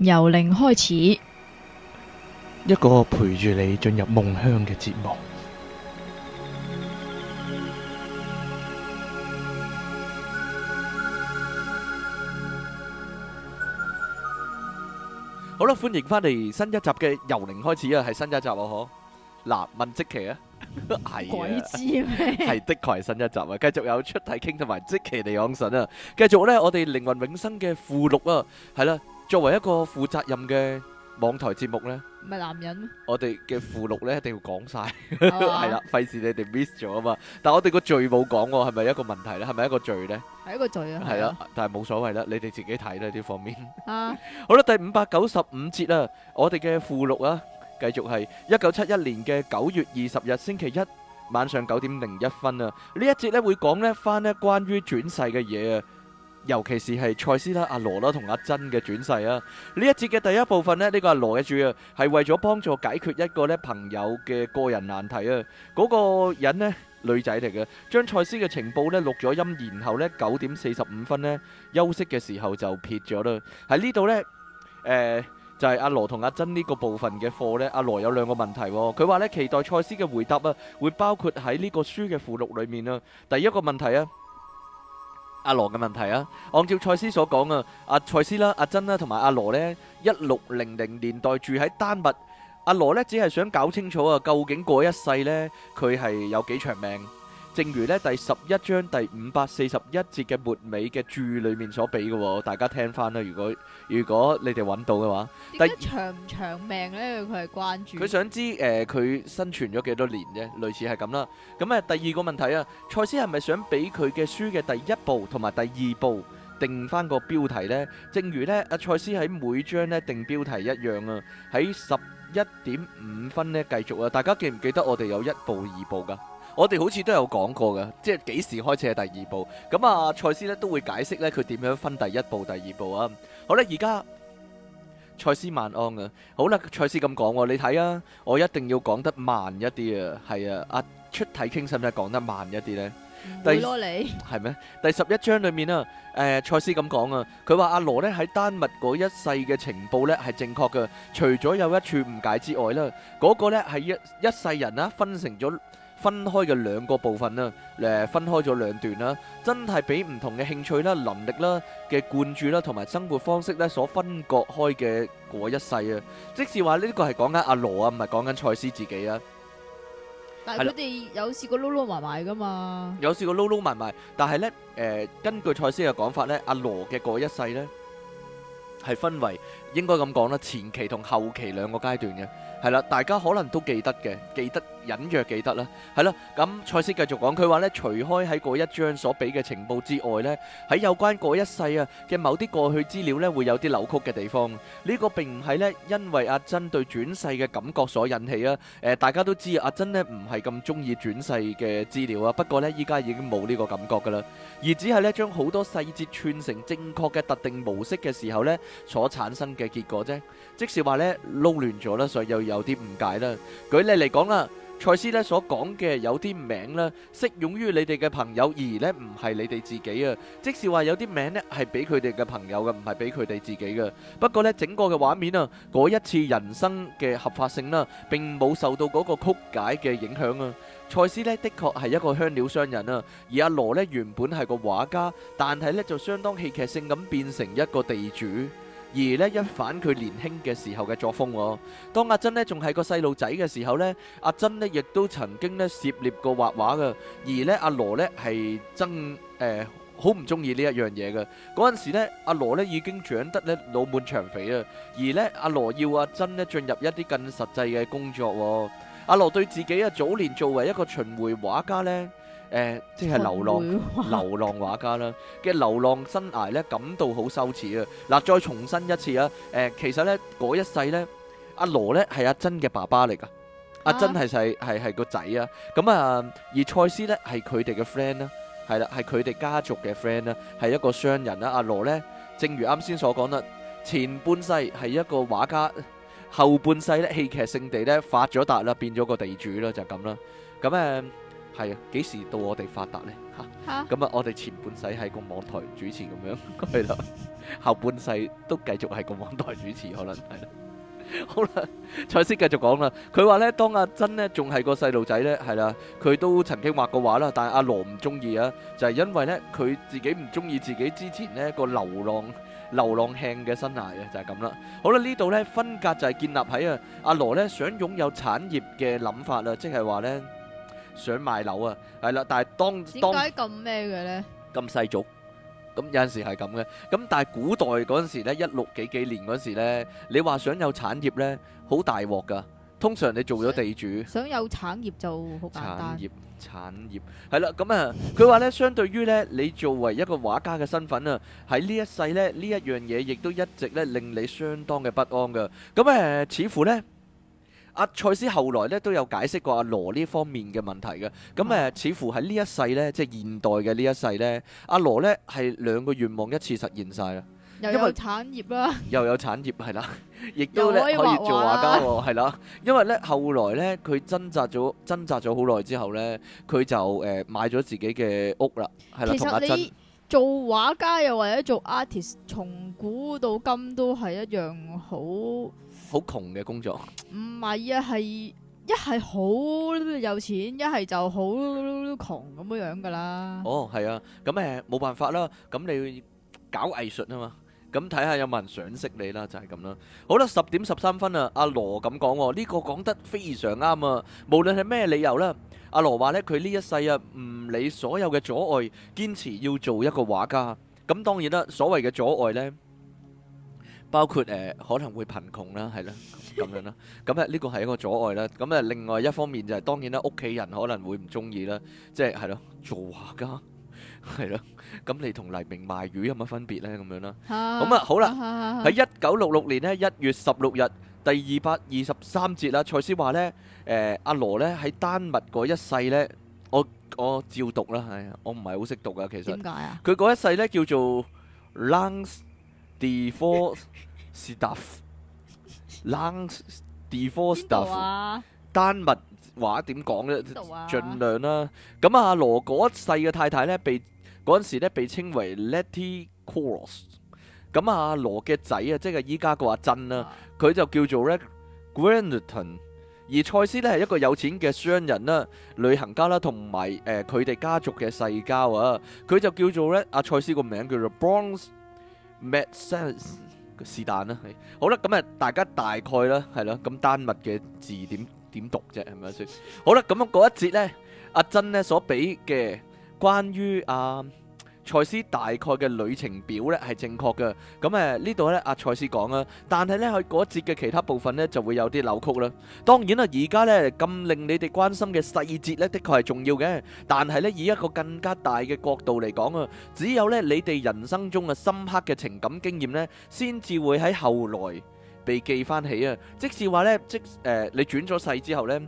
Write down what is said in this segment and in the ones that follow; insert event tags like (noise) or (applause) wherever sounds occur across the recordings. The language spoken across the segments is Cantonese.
由零開始，一個陪住你進入夢鄉嘅節目。好啦，歡迎翻嚟新一集嘅由零開始啊，係新一集哦，嗬。嗱，問即奇啊，係鬼知咩？係的確係新一集啊，繼續有出題傾同埋即奇哋講神啊，繼續呢，我哋靈魂永生嘅附錄啊，係啦。作為一個負責任嘅網台節目呢，唔係男人，我哋嘅附錄呢一定要講晒，係啦，費事你哋 miss 咗啊嘛。但係我哋個罪冇講喎，係咪一個問題呢？係咪一個罪呢？係一個罪啊！係啦，但係冇所謂啦，你哋自己睇啦呢方面。啊，好啦，第五百九十五節啊，我哋嘅附錄啊，繼續係一九七一年嘅九月二十日星期一晚上九點零一分啊。呢一節呢會講呢返呢關於轉世嘅嘢啊。尤其是係賽斯啦、阿羅啦同阿珍嘅轉世啊！呢一節嘅第一部分呢，呢、這個阿羅嘅主要係為咗幫助解決一個呢朋友嘅個人難題啊！嗰、那個人呢，女仔嚟嘅，將賽斯嘅情報呢錄咗音，然後呢九點四十五分呢休息嘅時候就撇咗啦。喺呢度呢，誒、呃、就係、是、阿羅同阿珍呢個部分嘅課呢。阿羅有兩個問題、啊，佢話呢期待賽斯嘅回答啊，會包括喺呢個書嘅附錄裏面啊。第一個問題啊。阿羅嘅問題啊，按照賽斯所講啊，阿賽斯啦、阿珍啦同埋阿羅咧，一六零零年代住喺丹麥。阿羅咧只係想搞清楚啊，究竟嗰一世咧佢係有幾長命。正如咧第十一章第五百四十一節嘅末尾嘅注裏面所俾嘅，大家聽翻啦。如果如果你哋揾到嘅話，第長唔長命咧？佢係關注佢想知誒，佢、呃、生存咗幾多年啫？類似係咁啦。咁、嗯、啊，第二個問題啊，賽斯係咪想俾佢嘅書嘅第一部同埋第二部定翻個標題呢？正如呢，阿賽斯喺每章咧定標題一樣啊。喺十一點五分呢繼續啊！大家記唔記得我哋有一部二部噶？我哋好似都有講過嘅，即係幾時開始係第二步咁啊？蔡斯咧都會解釋呢，佢點樣分第一步、第二步啊？好咧，而家蔡斯萬安啊，好啦，蔡斯咁講、哦，你睇啊，我一定要講得慢一啲啊，係啊，阿、啊、出體傾，心唔使講得慢一啲呢。第係咩？第十一章裏面啊，誒、呃，蔡斯咁講啊，佢話阿羅呢喺丹麥嗰一世嘅情報呢係正確噶，除咗有一處誤解之外啦，嗰、那個呢係一一世人啊，分成咗。分開嘅兩個部分啦，誒，分開咗兩段啦，真係俾唔同嘅興趣啦、能力啦嘅灌注啦，同埋生活方式咧所分割開嘅嗰一世啊，即是話呢個係講緊阿羅啊，唔係講緊賽斯自己啊。但係佢哋有試過撈撈埋埋噶嘛？有試過撈撈埋埋，但係咧，誒，根據賽斯嘅講法咧，阿羅嘅嗰一世咧係分為應該咁講啦，前期同後期兩個階段嘅，係啦，大家可能都記得嘅，記得。隱約記得啦，係啦，咁賽斯繼續講，佢話咧除開喺嗰一章所俾嘅情報之外咧，喺有關嗰一世啊嘅某啲過去資料咧會有啲扭曲嘅地方，呢個並唔係咧因為阿珍對轉世嘅感覺所引起啊。誒，大家都知阿珍咧唔係咁鍾意轉世嘅資料啊，不過咧依家已經冇呢個感覺噶啦，而只係咧將好多細節串成正確嘅特定模式嘅時候咧所產生嘅結果啫。即是話咧撈亂咗啦，所以又有啲誤解啦。舉例嚟講啦。賽斯咧所講嘅有啲名咧適用於你哋嘅朋友，而咧唔係你哋自己啊。即使話有啲名咧係俾佢哋嘅朋友嘅，唔係俾佢哋自己嘅。不過咧整個嘅畫面啊，嗰一次人生嘅合法性啦，並冇受到嗰個曲解嘅影響啊。賽斯咧，的確係一個香料商人啊，而阿羅咧原本係個畫家，但係咧就相當戲劇性咁變成一個地主。而呢一反佢年輕嘅時候嘅作風。當阿珍呢仲係個細路仔嘅時候呢，阿珍呢亦都曾經呢涉獵過畫畫嘅。而呢阿羅呢係真誒好唔中意呢一樣嘢嘅，嗰陣時呢，阿羅呢已經長得呢腦滿腸肥啊。而呢阿羅要阿珍呢進入一啲更實際嘅工作。阿羅對自己啊早年作為一個巡迴畫家呢。誒、呃，即係流浪流浪畫家啦，嘅 (laughs) 流浪生涯咧感到好羞恥啊！嗱、呃，再重申一次啊！誒、呃，其實咧嗰一世咧，阿羅咧係阿珍嘅爸爸嚟噶，阿珍係係係個仔啊！咁啊，而賽斯咧係佢哋嘅 friend 啦，係啦、啊，係佢哋家族嘅 friend 啦，係一個商人啦、啊。阿羅咧，正如啱先所講啦，前半世係一個畫家，後半世咧戲劇性地咧發咗達啦，變咗個地主啦，就咁、是、啦，咁誒、啊。嗯嗯嗯。係啊，幾時到我哋發達咧？吓，咁啊，我哋前半世喺個網台主持咁樣，係啦，後半世都繼續係個網台主持，可能係啦。好啦，賽斯繼續講啦。佢話咧，當阿珍咧仲係個細路仔咧，係啦，佢都曾經畫過畫啦，但係阿羅唔中意啊，就係因為咧佢自己唔中意自己之前咧個流浪流浪漢嘅生涯啊，就係咁啦。好啦，呢度咧分隔就係建立喺啊阿羅咧想擁有產業嘅諗法啦，即係話咧。想買樓啊，係啦，但係當點解咁咩嘅咧？咁細俗，咁有陣時係咁嘅，咁但係古代嗰陣時咧，一六幾幾年嗰時咧，你話想有產業咧，好大鑊噶，通常你做咗地主，想有產業就好簡單。產業產業係啦，咁啊，佢話咧，相對於咧，你作為一個畫家嘅身份啊，喺呢一世咧，呢一樣嘢亦都一直咧令你相當嘅不安噶，咁誒，似乎咧。阿賽斯後來咧都有解釋過阿、啊羅，呃啊、羅呢方面嘅問題嘅，咁誒似乎喺呢一世咧，即係現代嘅呢一世咧，阿羅咧係兩個願望一次實現晒啦，又有產業啦，為又有產業係啦，亦 (laughs) 都咧可以做畫家喎，係啦，因為咧後來咧佢掙扎咗掙扎咗好耐之後咧，佢就誒、呃、買咗自己嘅屋啦，係啦。其實你做畫家又或者做 artist，從古到今都係一樣好。好窮嘅工作，唔係啊，係一係好有錢，一係就好窮咁樣樣噶啦。哦，係啊，咁誒冇辦法啦，咁你搞藝術啊嘛，咁睇下有冇人賞識你啦，就係咁啦。好啦，十點十三分啊，阿羅咁講，呢個講得非常啱啊。無論係咩理由啦，阿羅話咧，佢呢一世啊，唔理所有嘅阻礙，堅持要做一個畫家。咁當然啦，所謂嘅阻礙咧。包括誒可能會貧窮啦，係啦，咁樣啦，咁咧呢個係一個阻礙啦。咁咧另外一方面就係當然啦，屋企人可能會唔中意啦，即係係咯做畫家係咯，咁你同黎明賣魚有乜分別咧？咁樣啦，咁啊好啦，喺一九六六年咧一月十六日第二百二十三節啦，蔡思話咧誒阿羅咧喺丹麥嗰一世咧，我我照讀啦，係啊，我唔係好識讀噶其實。點解啊？佢嗰一世咧叫做 Luns。default stuff，language default stuff，丹麥話點講咧？盡量啦、啊。咁、嗯、阿、啊、羅嗰一世嘅太太咧，被嗰陣時咧，被稱為 Letty Quarles。咁阿、嗯、羅嘅仔啊，仔即係依家嘅阿珍啦，佢、啊、就叫做咧 Granaton。An，而蔡斯咧係一個有錢嘅商人啦、旅行家啦，同埋誒佢哋家族嘅世交啊。佢就叫做咧阿蔡斯個名叫做 Bronze Matt Sells 真？是但啦，係。好啦，咁啊，大家大概啦，係咯。咁單物嘅字點點讀啫，係咪先？好啦，咁樣嗰一節咧，阿珍咧所俾嘅關於啊。蔡司大概嘅旅程表咧係正確嘅，咁誒呢度咧阿蔡司講啊，但係咧佢嗰節嘅其他部分咧就會有啲扭曲啦。當然啦，而家咧咁令你哋關心嘅細節咧的確係重要嘅，但係咧以一個更加大嘅角度嚟講啊，只有咧你哋人生中嘅深刻嘅情感經驗咧，先至會喺後來被記翻起啊。即使話咧即誒你轉咗世之後咧。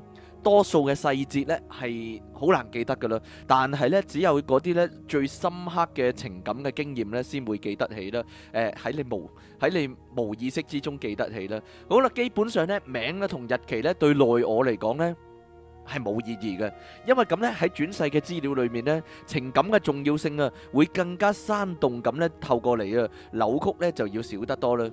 多數嘅細節咧係好難記得㗎喇。但係咧只有嗰啲咧最深刻嘅情感嘅經驗咧先會記得起啦。誒、呃、喺你無喺你無意識之中記得起啦。好啦，基本上咧名咧同日期咧對內我嚟講咧。係冇意義嘅，因為咁咧喺轉世嘅資料裏面咧，情感嘅重要性啊，會更加煽動咁咧，透過嚟啊，扭曲咧就要少得多啦。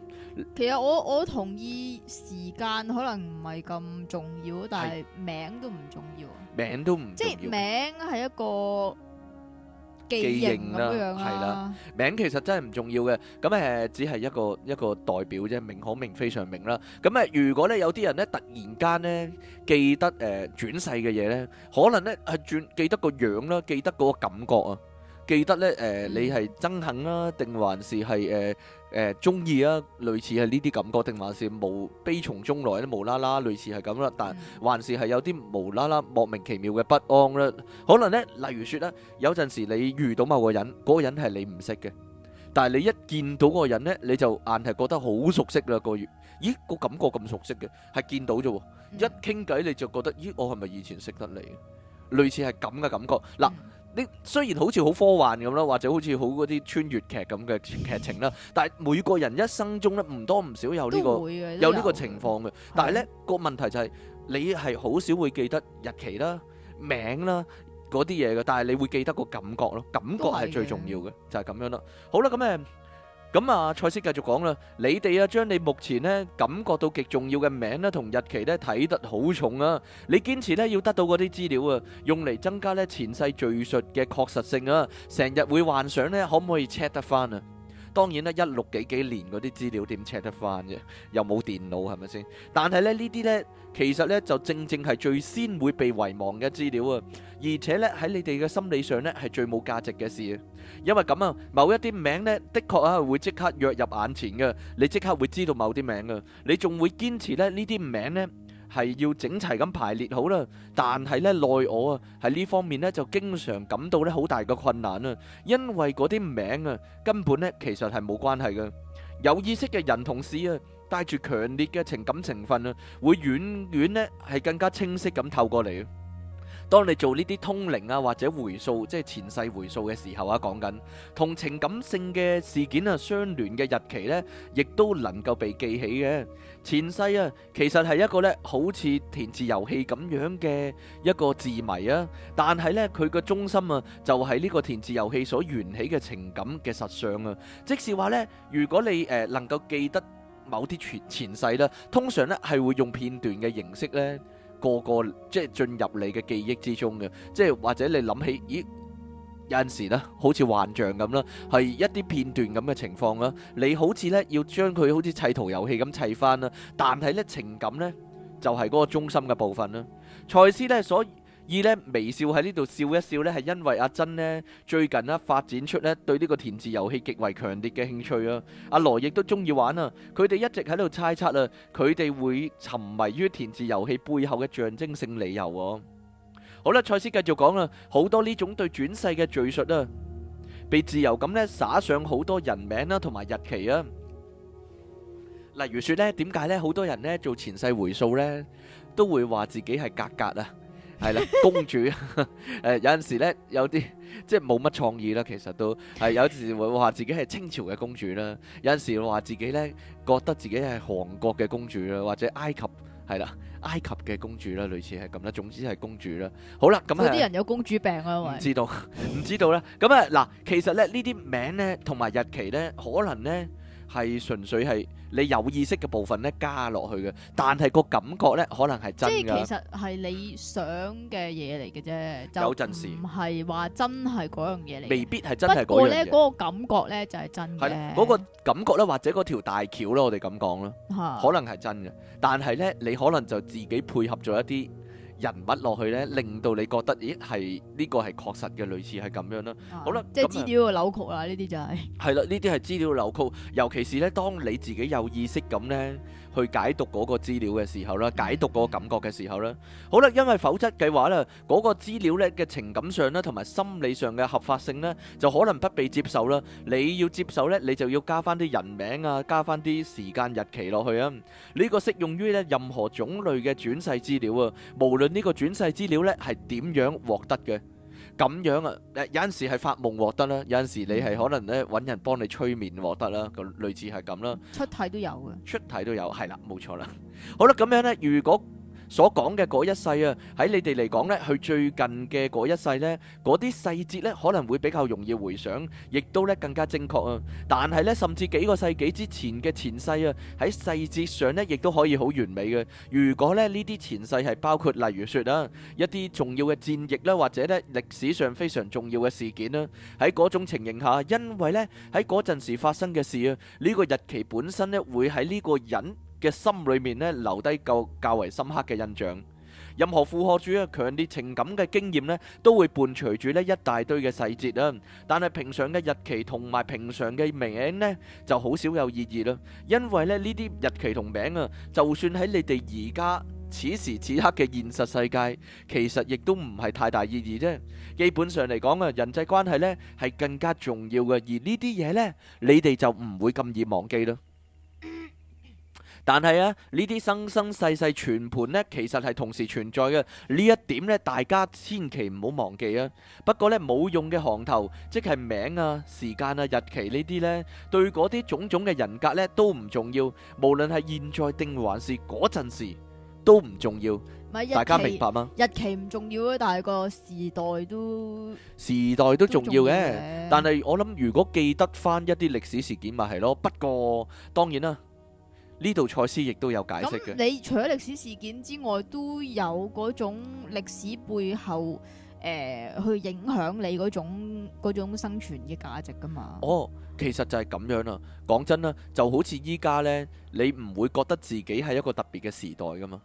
其實我我同意時間可能唔係咁重要，但係名都唔重要。啊是。名都唔重要，即係名係一個記認啦，係啦、啊，的名其實真係唔重要嘅，咁誒、呃、只係一個一個代表啫，名可名非常名啦。咁誒、呃，如果咧有啲人咧突然間咧記得誒、呃、轉世嘅嘢咧，可能咧係轉記得個樣啦，記得嗰個感覺啊，記得咧誒、呃、你係憎恨啦，定還是係誒？呃嗯誒中意啊，類似係呢啲感覺，定還是無悲從中來啲無啦啦，類似係咁啦，但還是係有啲無啦啦莫名其妙嘅不安啦。可能咧，例如説咧，有陣時你遇到某個人，嗰個人係你唔識嘅，但係你一見到嗰個人咧，你就硬係覺得好熟悉啦。個月，咦個感覺咁熟悉嘅，係見到啫喎，一傾偈你就覺得，咦我係咪以前識得你？類似係咁嘅感覺嗱。啲雖然好似好科幻咁啦，或者好似好嗰啲穿越劇咁嘅劇情啦， (laughs) 但係每個人一生中咧唔多唔少有呢個有呢個情況嘅。但係咧，個問題就係你係好少會記得日期啦、名啦嗰啲嘢嘅，但係你會記得個感覺咯，感覺係最重要嘅，就係咁樣啦。好啦，咁誒。咁啊，賽斯繼續講啦，你哋啊將你目前呢感覺到極重要嘅名呢，同日期呢睇得好重啊，你堅持呢，要得到嗰啲資料啊，用嚟增加呢前世敘述嘅確實性啊，成日會幻想呢，可唔可以 check 得返啊？當然啦，一六幾幾年嗰啲資料點 check 得翻嘅，又冇電腦係咪先？但係咧呢啲呢，其實呢就正正係最先會被遺忘嘅資料啊！而且呢，喺你哋嘅心理上呢，係最冇價值嘅事啊，因為咁啊，某一啲名呢，的確啊會即刻躍入眼前嘅，你即刻會知道某啲名嘅，你仲會堅持咧呢啲名呢。係要整齊咁排列好啦，但係咧，內我啊，喺呢方面咧就經常感到咧好大嘅困難啦，因為嗰啲名啊根本咧其實係冇關係嘅。有意識嘅人同事啊，帶住強烈嘅情感成分啊，會遠遠咧係更加清晰咁透過嚟。當你做呢啲通靈啊或者回溯，即係前世回溯嘅時候啊，講緊同情感性嘅事件啊相聯嘅日期咧，亦都能夠被記起嘅。前世啊，其實係一個咧好似填字遊戲咁樣嘅一個字謎啊，但係咧佢嘅中心啊，就係、是、呢個填字遊戲所緣起嘅情感嘅實相啊。即是話咧，如果你誒、呃、能夠記得某啲前前世啦，通常咧係會用片段嘅形式咧，個個即係、就是、進入你嘅記憶之中嘅，即係或者你諗起咦。有陣時咧，好似幻象咁啦，係一啲片段咁嘅情況啦。你好似咧要將佢好似砌圖遊戲咁砌翻啦，但係咧情感咧就係嗰個中心嘅部分啦。蔡司咧所以咧微笑喺呢度笑一笑咧，係因為阿珍呢，最近呢發展出咧對呢個填字遊戲極為強烈嘅興趣啊。阿羅亦都中意玩啊，佢哋一直喺度猜測啊，佢哋會沉迷於填字遊戲背後嘅象徵性理由啊。好啦，賽斯繼續講啦，好多呢種對轉世嘅敘述啦，被自由咁咧灑上好多人名啦，同埋日期啊。例如說咧，點解咧好多人咧做前世回溯咧，都會話自己係格格啊，係啦，公主。誒，有陣時咧有啲即係冇乜創意啦，其實都係有陣時會話自己係清朝嘅公主啦，有陣時會話自己咧覺得自己係韓國嘅公主啦，或者埃及。係啦，埃及嘅公主啦，類似係咁啦，總之係公主啦。好啦，咁啊，啲人有公主病啊，唔知道，唔喂知道啦。咁啊，嗱，其實咧呢啲名咧同埋日期咧，可能咧係純粹係，你有意識嘅部分咧加落去嘅，但係個感覺咧可能係真嘅。即係其實係你想嘅嘢嚟嘅啫，有陣時唔係話真係嗰樣嘢嚟。未必係真係嗰樣嘢。不過咧，嗰個感覺咧就係真嘅。係啦，嗰個感覺咧，或者嗰條大橋咧，我哋咁講啦，可能係真嘅。但係咧，你可能就自己配合咗一啲。人物落去咧，令到你覺得，咦，係呢、呢個係確實嘅，類似係咁樣啦。啊、好啦吧，即係資料嘅扭曲啦，呢啲就係係啦，呢啲係資料嘅扭曲，尤其是咧，當你自己有意識咁咧。去解讀嗰個資料嘅時候啦，解讀嗰個感覺嘅時候啦，好啦，因為否則嘅話咧，嗰個資料咧嘅情感上咧，同埋心理上嘅合法性咧，就可能不被接受啦。你要接受咧，你就要加返啲人名啊，加返啲時間日期落去啊。呢個適用於咧任何種類嘅轉世資料啊，無論呢個轉世資料咧係點樣獲得嘅。咁樣啊，誒有陣時係發夢獲得啦，有陣時你係可能咧揾人幫你催眠獲得啦，個類似係咁啦。出體都有嘅，出體都有，係啦，冇錯啦。好啦，咁樣咧，如果。所講嘅嗰一世啊，喺你哋嚟講咧，佢最近嘅嗰一世咧，嗰啲細節咧可能會比較容易回想，亦都咧更加正確啊。但係咧，甚至幾個世紀之前嘅前世啊，喺細節上咧，亦都可以好完美嘅。如果咧呢啲前世係包括例如説啊一啲重要嘅戰役啦，或者咧歷史上非常重要嘅事件啦，喺嗰種情形下，因為咧喺嗰陣時發生嘅事啊，呢個日期本身咧會喺呢個人嘅心裏面咧，留低個較為深刻嘅印象。任何附和住啊，強烈情感嘅經驗咧，都會伴隨住咧一大堆嘅細節啦。但係平常嘅日期同埋平常嘅名咧，就好少有意義啦。因為咧呢啲日期同名啊，就算喺你哋而家此時此刻嘅現實世界，其實亦都唔係太大意義啫。基本上嚟講啊，人際關係咧係更加重要嘅，而呢啲嘢咧，你哋就唔會咁易忘記啦。但係啊，呢啲生生世世全盤呢，其實係同時存在嘅。呢一點咧，大家千祈唔好忘記啊。不過呢，冇用嘅行頭，即係名啊、時間啊、日期呢啲呢，對嗰啲種種嘅人格呢都唔重要。無論係現在定還是嗰陣時，都唔重要。日期，大家明白嗎？日期唔重要啊，但係個時代都時代都重要嘅。但係我諗，如果記得翻一啲歷史事件，咪係咯。不過當然啦。呢度賽斯亦都有解釋嘅。你除咗歷史事件之外，都有嗰種歷史背後，誒、呃，去影響你嗰種，種生存嘅價值噶嘛？哦，其實就係咁樣啦、啊。講真啦，就好似依家呢，你唔會覺得自己係一個特別嘅時代噶嘛。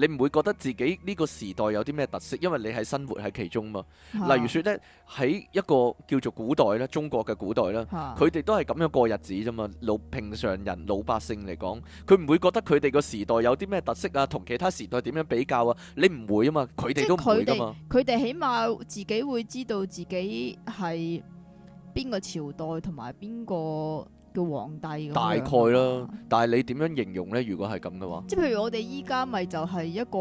你唔會覺得自己呢個時代有啲咩特色，因為你係生活喺其中嘛。啊、例如説咧，喺一個叫做古代咧，中國嘅古代啦，佢哋、啊、都係咁樣過日子啫嘛。老平常人、老百姓嚟講，佢唔會覺得佢哋個時代有啲咩特色啊，同其他時代點樣比較啊？你唔會啊嘛，佢哋都唔會噶嘛。佢哋起碼自己會知道自己係邊個朝代同埋邊個。叫皇帝咁樣，大概啦。但係你點樣形容呢？如果係咁嘅話，即係譬如我哋依家咪就係一個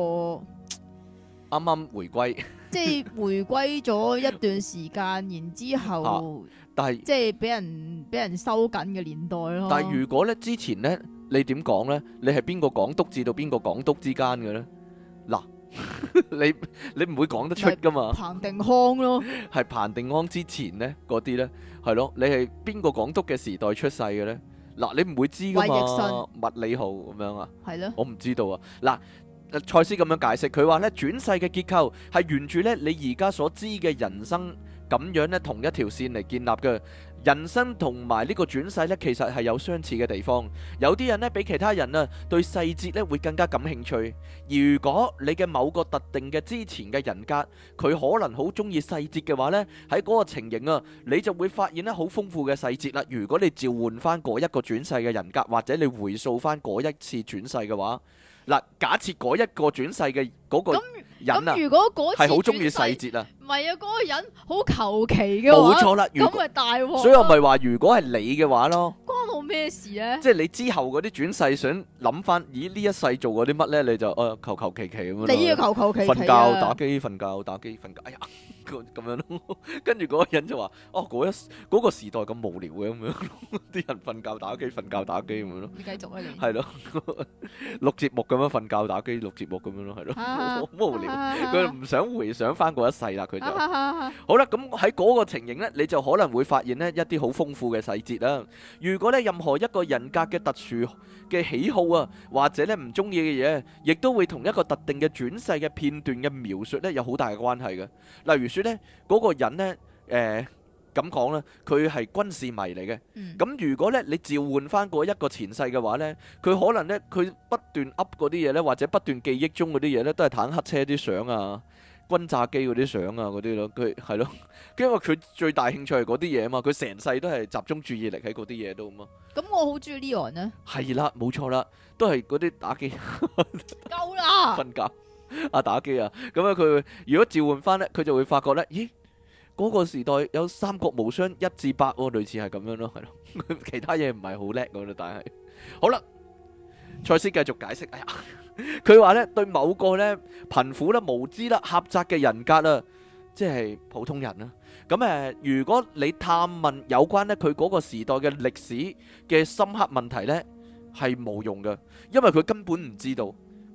啱啱回歸，即係回歸咗一段時間，然之後，但係即係俾人俾人收緊嘅年代咯。但係如果呢之前呢，你點講呢？你係邊個港督至到邊個港督之間嘅呢？嗱。 (laughs) 你你唔會講得出噶嘛？彭定康咯，係 (laughs) 彭定康之前咧，嗰啲咧係咯，你係邊個港督嘅時代出世嘅咧？嗱，你唔會知噶嘛？衛奕信、麥理浩咁樣啊，係是咯，我唔知道啊。嗱，賽斯咁樣解釋，佢話咧轉世嘅結構係沿住咧你而家所知嘅人生咁樣咧，同一條線嚟建立嘅。人生同埋呢個轉世呢，其實係有相似嘅地方。有啲人呢，比其他人啊，對細節咧會更加感興趣。如果你嘅某個特定嘅之前嘅人格，佢可能好中意細節嘅話呢，喺嗰個情形啊，你就會發現咧好豐富嘅細節啦。如果你召喚翻嗰一個轉世嘅人格，或者你回溯翻嗰一次轉世嘅話，嗱，假設嗰一個轉世嘅嗰個。咁、啊、如果嗰次係好鍾意細節啊，唔係啊，嗰、嗰個人好求其嘅話，冇錯啦，咁咪大鑊。所以我咪話，如果係你嘅話咯，關我咩事咧、啊？即係你之後嗰啲轉世想諗翻，咦呢一世做過啲乜咧？你就誒求求其其咁，呃、隨隨隨便便便你要求求其其，瞓覺打機，瞓覺打機，瞓覺、哎、呀～咁樣咯，跟住嗰個人就話：哦，嗰一嗰個時代咁無聊嘅咁樣，啲人瞓覺打機，瞓覺打機咁樣咯。你繼續啊，你係咯，錄節目咁樣瞓覺打機，錄節目咁樣咯，係咯，好無聊。佢唔想回想翻嗰一世啦，佢就好啦。咁喺嗰個情形咧，你就可能會發現咧一啲好豐富嘅細節啦。如果咧任何一個人格嘅特殊嘅喜好啊，或者咧唔中意嘅嘢，亦都會同一個特定嘅轉世嘅片段嘅描述咧，有好大嘅關係嘅。例如，咧嗰、那個人呢，誒咁講啦，佢係軍事迷嚟嘅。咁、嗯、如果咧你召喚翻嗰一個前世嘅話呢，佢可能呢，佢不斷噏嗰啲嘢呢，或者不斷記憶中嗰啲嘢呢，都係坦克車啲相啊、軍炸機嗰啲相啊嗰啲咯。佢係咯，因為佢最大興趣係嗰啲嘢啊嘛，佢成世都係集中注意力喺嗰啲嘢都啊嘛。咁我好中意 Leon 呢，係啦，冇錯啦，都係嗰啲打機 (laughs) 夠啦了，瞓 (laughs) 覺。啊打機啊，咁啊佢如果召喚翻咧，佢就會發覺咧，咦嗰個時代有三國無雙一至八，類似係咁樣咯，係咯，其他嘢唔係好叻噶啦，但係好啦，賽斯繼續解釋，哎呀，佢話咧對某個咧貧苦啦、無知啦、狹窄嘅人格啊，即係普通人啦，咁誒，如果你探問有關咧佢嗰個時代嘅歷史嘅深刻問題咧，係冇用噶，因為佢根本唔知道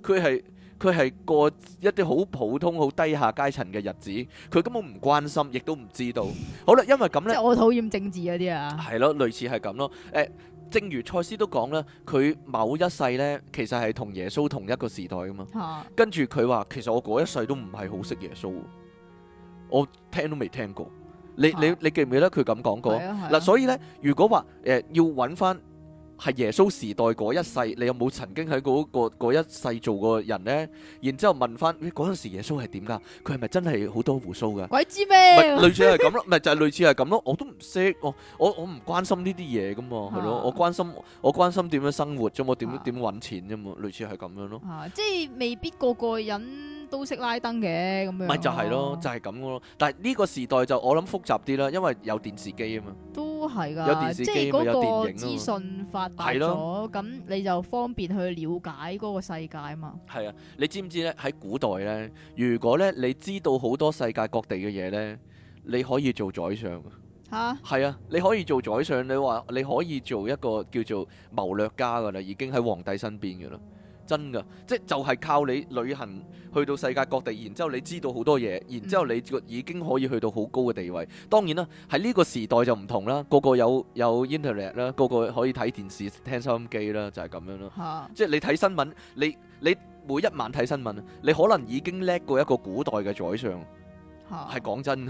佢係。佢係過一啲好普通、好低下階層嘅日子，佢根本唔關心，亦都唔知道。好啦，因為咁呢，即係我討厭政治嗰啲啊，係咯，類似係咁咯。誒，正如賽斯都講啦，佢某一世呢，其實係同耶穌同一個時代噶嘛。啊、跟住佢話，其實我嗰一世都唔係好識耶穌，我聽都未聽過。你你、啊、你記唔記得佢咁講過？嗱，所以呢，如果話誒要揾翻。係耶穌時代嗰一世，你有冇曾經喺嗰個嗰一世做過人咧？然之後問翻，嗰陣時耶穌係點噶？佢係咪真係好多鬍鬚嘅？鬼知咩？唔係類似係咁咯，唔係就係類似係咁咯。我都唔識，我我我唔關心呢啲嘢噶嘛，係咯。我關心我關心點樣生活啫嘛，我點點搵錢啫嘛，類似係咁樣咯。啊，即係未必個個人都識拉燈嘅咁樣。咪就係咯，就係咁咯。但係呢個時代就我諗複雜啲啦，因為有電視機啊嘛。都係噶，有電視機，有電影啊，資訊發達咗，咁你就方便去了解嗰個世界嘛。係啊，你知唔知咧？喺古代咧，如果咧你知道好多世界各地嘅嘢咧，你可以做宰相啊。吓哈，係啊，你可以做宰相。你話你可以做一個叫做謀略家噶啦，已經喺皇帝身邊噶啦。真噶，即係就係靠你旅行去到世界各地，然之後你知道好多嘢，然之後你已經可以去到好高嘅地位。當然啦，喺呢個時代就唔同啦，個個有有 internet 啦，個個可以睇電視、聽收音機啦，就係、是、咁樣咯。啊、即係你睇新聞，你你每一晚睇新聞，你可能已經叻過一個古代嘅宰相，係、啊、講真。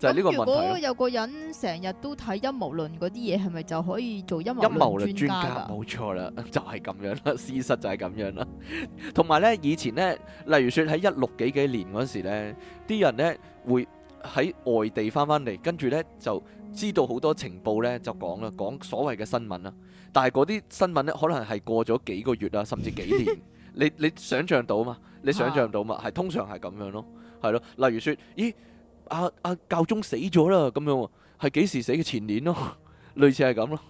咁如果有個人成日都睇陰謀論嗰啲嘢，係咪就可以做陰謀論專家？冇錯啦，就係咁樣啦，事實就係咁樣啦。同埋咧，以前咧，例如說喺一六幾幾年嗰時咧，啲人咧會喺外地返返嚟，跟住咧就知道好多情報咧，就講啦，講所謂嘅新聞啦。但係嗰啲新聞咧，可能係過咗幾個月啦，甚至幾年。 (laughs) 你你想象到嘛？你想象到嘛？係 (laughs) 通常係咁樣咯，係咯。例如說，咦？阿阿、啊、教宗死咗啦，咁樣喎，係幾時死嘅前年咯，類似係咁咯，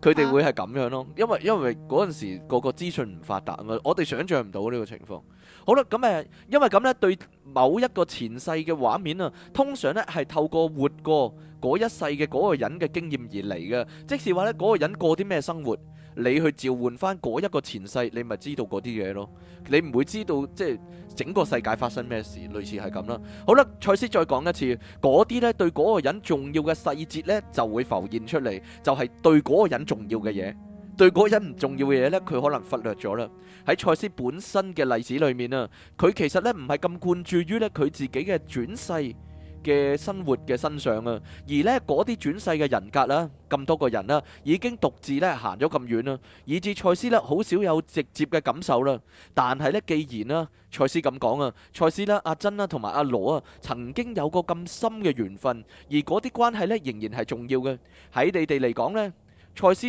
佢哋會係咁樣咯，因為因為嗰陣時個個資訊唔發達啊嘛，我哋想象唔到呢個情況。好啦，咁誒，因為咁咧，對某一個前世嘅畫面啊，通常咧係透過活過嗰一世嘅嗰個人嘅經驗而嚟嘅，即是話咧嗰個人過啲咩生活，你去召喚翻嗰一個前世，你咪知道嗰啲嘢咯，你唔會知道即係。整個世界發生咩事，類似係咁啦。好啦，賽斯再講一次，嗰啲咧對嗰個人重要嘅細節咧，就會浮現出嚟，就係對嗰個人重要嘅嘢，對嗰人唔重要嘅嘢咧，佢可能忽略咗啦。喺賽斯本身嘅例子裏面啊，佢其實咧唔係咁關注於咧佢自己嘅轉世嘅生活嘅身上啊，而咧嗰啲轉世嘅人格啦，咁多個人啦，已經獨自咧行咗咁遠啦，以至蔡斯咧好少有直接嘅感受啦。但係咧，既然啦，蔡斯咁講啊，蔡斯啦，阿珍啦，同埋阿羅啊，曾經有過咁深嘅緣分，而嗰啲關係咧仍然係重要嘅。喺你哋嚟講咧，蔡斯。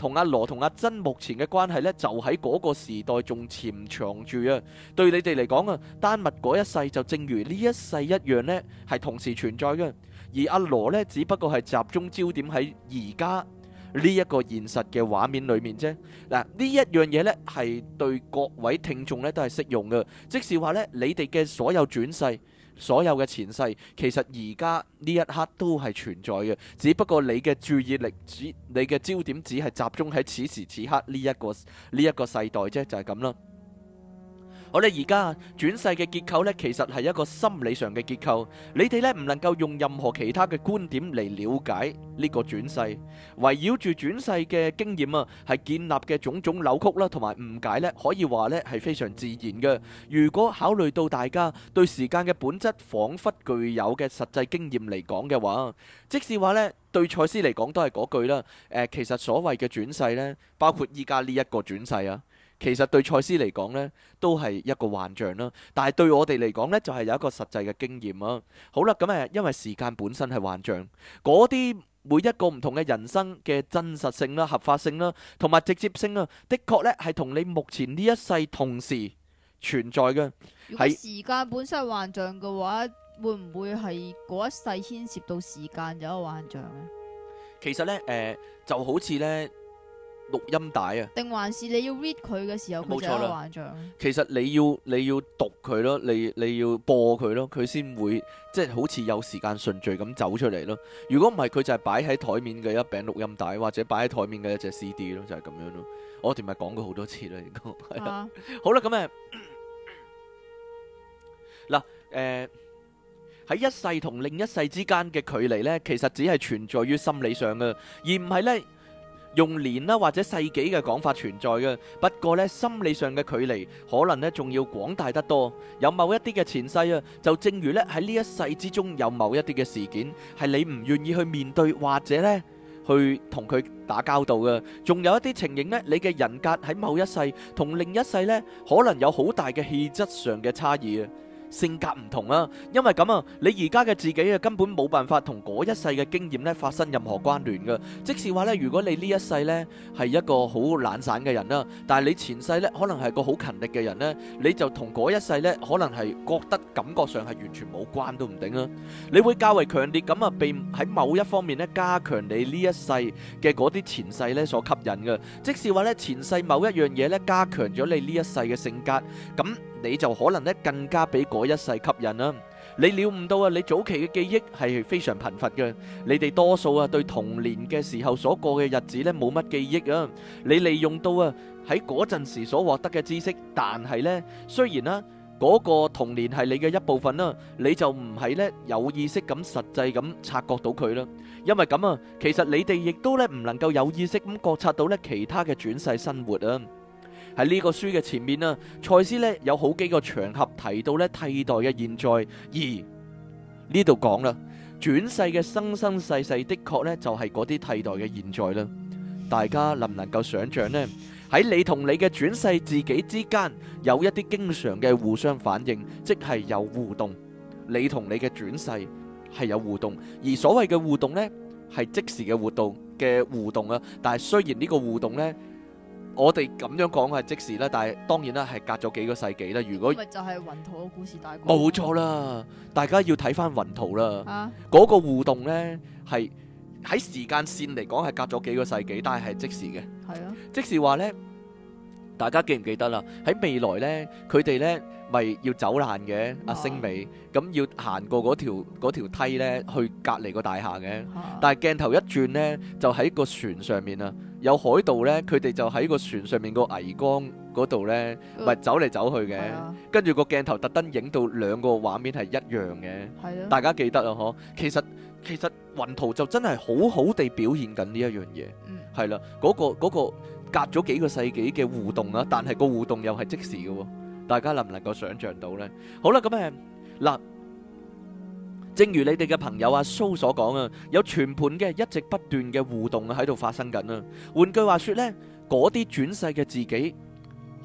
同阿羅同阿珍目前嘅關係呢，就喺嗰個時代仲潛藏住啊，對你哋嚟講啊，丹麥嗰一世就正如呢一世一樣呢，係同時存在嘅。而阿羅呢，只不過係集中焦點喺而家呢一個現實嘅畫面裏面啫。嗱、啊，呢一樣嘢呢，係對各位聽眾呢都係適用嘅，即使話呢，你哋嘅所有轉世。所有嘅前世其實而家呢一刻都係存在嘅，只不過你嘅注意力只，你嘅焦點只係集中喺此時此刻呢一個呢一個世代啫，就係咁啦。我哋而家轉世嘅結構呢，其實係一個心理上嘅結構。你哋呢，唔能夠用任何其他嘅觀點嚟瞭解呢個轉世。圍繞住轉世嘅經驗啊，係建立嘅種種扭曲啦，同埋誤解呢，可以話呢係非常自然嘅。如果考慮到大家對時間嘅本質彷彿具有嘅實際經驗嚟講嘅話，即使話呢對賽斯嚟講都係嗰句啦。誒，其實所謂嘅轉世呢，包括而家呢一個轉世啊。其實對賽斯嚟講呢，都係一個幻象啦。但係對我哋嚟講呢，就係有一個實際嘅經驗啦。好啦，咁誒，因為時間本身係幻象，嗰啲每一個唔同嘅人生嘅真實性啦、合法性啦，同埋直接性啊，的確呢係同你目前呢一世同時存在嘅。如果時間本身係幻象嘅話，會唔會係嗰一世牽涉到時間有一個幻象呢？其實呢，誒，就好似呢。錄音帶啊？定還是你要 read 佢嘅時候，佢錯就其實你要你要讀佢咯，你你要播佢咯，佢先會即係好似有時間順序咁走出嚟咯。如果唔係，佢就係擺喺台面嘅一餅錄音帶，或者擺喺台面嘅一隻 CD 咯，就係、是、咁樣咯。我哋咪講過好多次啦，應該。 (laughs) 啊、 (laughs) 好啦，咁啊，嗱，誒， (coughs) 喺、呃、一世同另一世之間嘅距離呢，其實只係存在於心理上嘅，而唔係呢。用年啦或者世紀嘅講法存在嘅，不過呢，心理上嘅距離可能呢仲要廣大得多。有某一啲嘅前世啊，就正如呢，喺呢一世之中有某一啲嘅事件係你唔願意去面對或者呢，去同佢打交道嘅。仲有一啲情形呢，你嘅人格喺某一世同另一世呢，可能有好大嘅氣質上嘅差異啊。性格唔同啦，因為咁啊，你而家嘅自己啊，根本冇辦法同嗰一世嘅經驗咧發生任何關聯噶。即使話咧，如果你呢一世咧係一個好懶散嘅人啦，但係你前世咧可能係個好勤力嘅人咧，你就同嗰一世咧可能係覺得感覺上係完全冇關都唔定啦。你會較為強烈咁啊，被喺某一方面咧加強你呢一世嘅嗰啲前世咧所吸引噶。即使話咧，前世某一樣嘢咧加強咗你呢一世嘅性格咁。你就可能咧更加比嗰一世吸引啦。你了悟到啊。你早期嘅記憶係非常貧乏嘅。你哋多數啊對童年嘅時候所過嘅日子咧冇乜記憶啊。你利用到啊喺嗰陣時所獲得嘅知識，但係咧雖然啦嗰個童年係你嘅一部分啦，你就唔係咧有意識咁實際咁察覺到佢啦。因為咁啊，其實你哋亦都咧唔能夠有意識咁覺察到咧其他嘅轉世生活啊。喺呢個書嘅前面啊，賽斯咧有好幾個場合提到咧替代嘅現在，而呢度講啦，轉世嘅生生世世的確咧就係嗰啲替代嘅現在啦。大家能唔能夠想象呢？喺你同你嘅轉世自己之間，有一啲經常嘅互相反應，即係有互動。你同你嘅轉世係有互動，而所謂嘅互動呢，係即時嘅活動嘅互動啊。但係雖然呢個互動呢。我哋咁樣講係即時咧，但係當然咧係隔咗幾個世紀咧。如果咪就係雲圖嘅故事，大冇錯啦！大家要睇翻雲圖啦，嗰個互動咧係喺時間線嚟講係隔咗幾個世紀，但係係即時嘅。係咯，即時話咧，大家記唔記得啦？喺未來咧，佢哋咧。咪要走爛嘅，阿星美咁要行過嗰條，條梯咧，嗯、去隔離個大廈嘅。啊、但係鏡頭一轉咧，就喺個船上面啊，嗯、有海盜咧，佢哋就喺個船上面個桅桿嗰度咧，咪、嗯、走嚟走去嘅。嗯、跟住個鏡頭特登影到兩個畫面係一樣嘅，嗯、大家記得啊，嗬。其實其實雲圖就真係好好地表現緊呢一樣嘢，係啦、嗯，嗰、嗯嗰個嗰個隔咗幾個世紀嘅互動啊，但係個互動又係即時嘅喎。大家能唔能夠想象到咧？好啦，咁誒，嗱，正如你哋嘅朋友阿蘇所講啊，有全盤嘅一直不斷嘅互動啊喺度發生緊啊。換句話說咧，嗰啲轉世嘅自己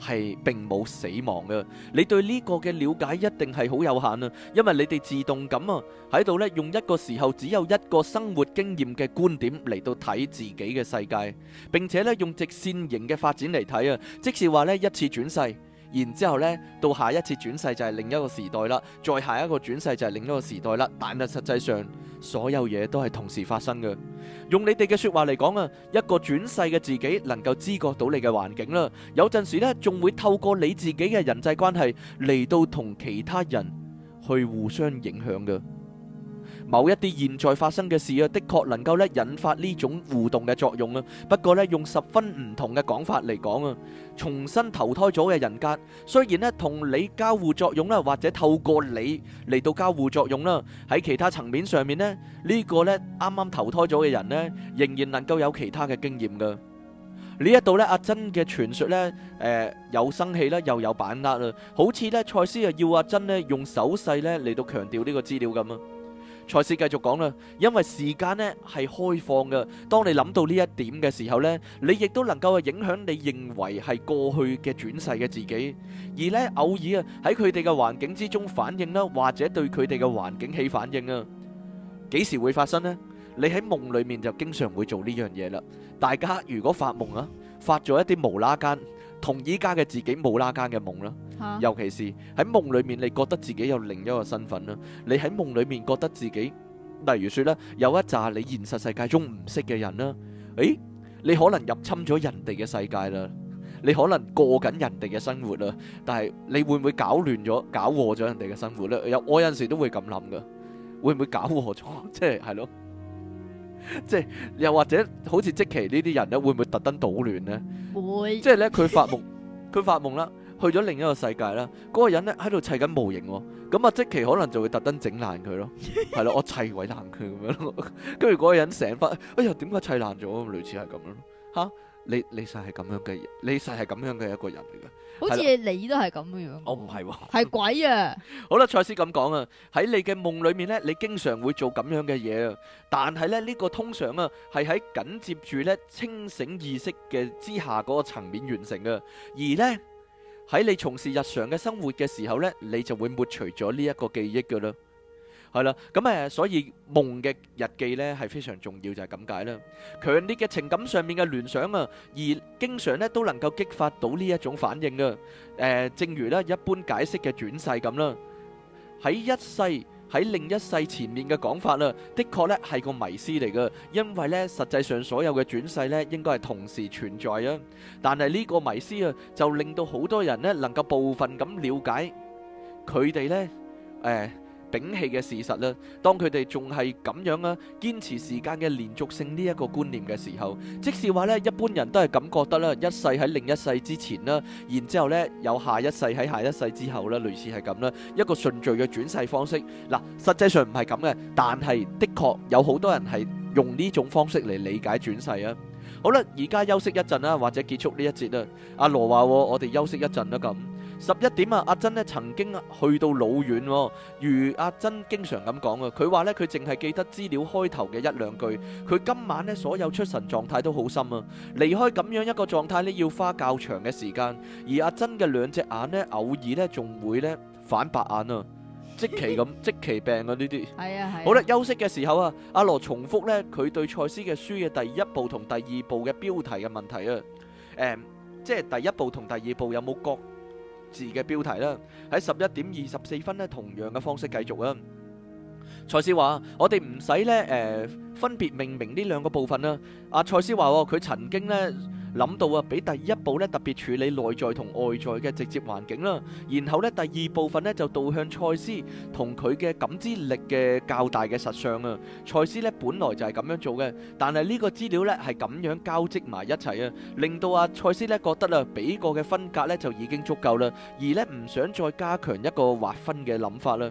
係並冇死亡嘅。你對呢個嘅了解一定係好有限啊，因為你哋自動咁啊喺度咧，用一個時候只有一個生活經驗嘅觀點嚟到睇自己嘅世界，並且咧用直線型嘅發展嚟睇啊，即是話咧一次轉世。然之後呢，到下一次轉世就係另一個時代啦，再下一個轉世就係另一個時代啦。但係實際上，所有嘢都係同時發生嘅。用你哋嘅說話嚟講啊，一個轉世嘅自己能夠知覺到你嘅環境啦，有陣時呢，仲會透過你自己嘅人際關係嚟到同其他人去互相影響嘅。某一啲現在發生嘅事啊，的確能夠咧引發呢種互動嘅作用啊。不過咧，用十分唔同嘅講法嚟講啊，重新投胎咗嘅人格，雖然咧同你交互作用啦，或者透過你嚟到交互作用啦，喺其他層面上面咧，呢個咧啱啱投胎咗嘅人咧，仍然能夠有其他嘅經驗噶。呢一度咧，阿珍嘅傳説咧，誒有生氣啦，又有把握啊，好似咧賽斯啊要阿珍咧用手勢咧嚟到強調呢個資料咁啊。賽斯繼續講啦，因為時間呢係開放嘅，當你諗到呢一點嘅時候呢，你亦都能夠影響你認為係過去嘅轉世嘅自己，而呢偶爾啊喺佢哋嘅環境之中反應啦，或者對佢哋嘅環境起反應啊，幾時會發生呢？你喺夢裏面就經常會做呢樣嘢啦。大家如果發夢啊，發咗一啲無啦間同依家嘅自己無啦間嘅夢啦。尤其是喺夢裏面，你覺得自己有另一個身份啦。你喺夢裏面覺得自己，例如說咧，有一紮你現實世界中唔識嘅人啦。誒，你可能入侵咗人哋嘅世界啦，你可能過緊人哋嘅生活啦。但係你會唔會搞亂咗、搞禍咗人哋嘅生活咧？有我有陣時都會咁諗噶，會唔會搞禍咗？即係係咯，即係又或者好似即奇呢啲人咧，會唔會特登搗亂咧？會，即係咧佢發夢，佢發夢啦。去咗另一個世界啦，嗰、那個人咧喺度砌緊模型，咁阿即其可能就會特登整爛佢咯，係咯， (laughs) 我砌毀爛佢咁樣咯。跟住嗰個人醒翻，哎呀，點解砌爛咗？類似係咁樣咯，吓，李李 s i 係咁樣嘅，李 Sir 係咁樣嘅一個人嚟噶，好似你都係咁嘅樣。的我唔係喎，係 (laughs) 鬼啊！好啦，蔡司咁講啊，喺你嘅夢裏面咧，你經常會做咁樣嘅嘢啊，但係咧呢、這個通常啊係喺緊接住咧清醒意識嘅之下嗰個層面完成噶，而咧。喺你從事日常嘅生活嘅時候呢，你就會抹除咗呢一個記憶嘅啦，係啦，咁誒，所以夢嘅日記呢係非常重要就係咁解啦。強烈嘅情感上面嘅聯想啊，而經常呢都能夠激發到呢一種反應啊，誒，正如呢一般解釋嘅轉世咁啦，喺一世。喺另一世前面嘅講法啦，的確咧係個迷思嚟嘅，因為咧實際上所有嘅轉世咧應該係同時存在啊，但係呢個迷思啊就令到好多人咧能夠部分咁瞭解佢哋咧誒。摒棄嘅事實啦，當佢哋仲係咁樣啊，堅持時間嘅連續性呢一個觀念嘅時候，即使話呢，一般人都係咁覺得啦，一世喺另一世之前啦，然之後呢有下一世喺下一世之後啦，類似係咁啦，一個順序嘅轉世方式。嗱，實際上唔係咁嘅，但係的確有好多人係用呢種方式嚟理解轉世啊。好啦，而家休息一陣啦，或者結束呢一節啦。阿羅話我哋休息一陣啦咁。十一點啊，阿珍咧曾經去到老遠喎。如阿珍經常咁講啊，佢話咧佢淨係記得資料開頭嘅一兩句。佢今晚咧所有出神狀態都好深啊。離開咁樣一個狀態咧，要花較長嘅時間。而阿珍嘅兩隻眼呢，偶爾呢仲會呢反白眼 (laughs) 啊，即期咁即期病啊呢啲。 (laughs) 好啦，休息嘅時候啊，阿羅重複呢，佢對賽斯嘅書嘅第一部同第二部嘅標題嘅問題啊、嗯。即係第一部同第二部有冇角？字嘅標題啦，喺十一點二十四分呢，同樣嘅方式繼續啊。賽斯話：我哋唔使咧，誒分別命名呢兩個部分啦。阿賽斯話：佢曾經咧諗到啊，俾第一部咧特別處理內在同外在嘅直接環境啦，然後咧第二部分咧就導向賽斯同佢嘅感知力嘅較大嘅實相啊。賽斯咧本來就係咁樣做嘅，但係呢個資料咧係咁樣交織埋一齊啊，令到阿賽斯咧覺得啊，俾過嘅分隔咧就已經足夠啦，而咧唔想再加強一個劃分嘅諗法啦。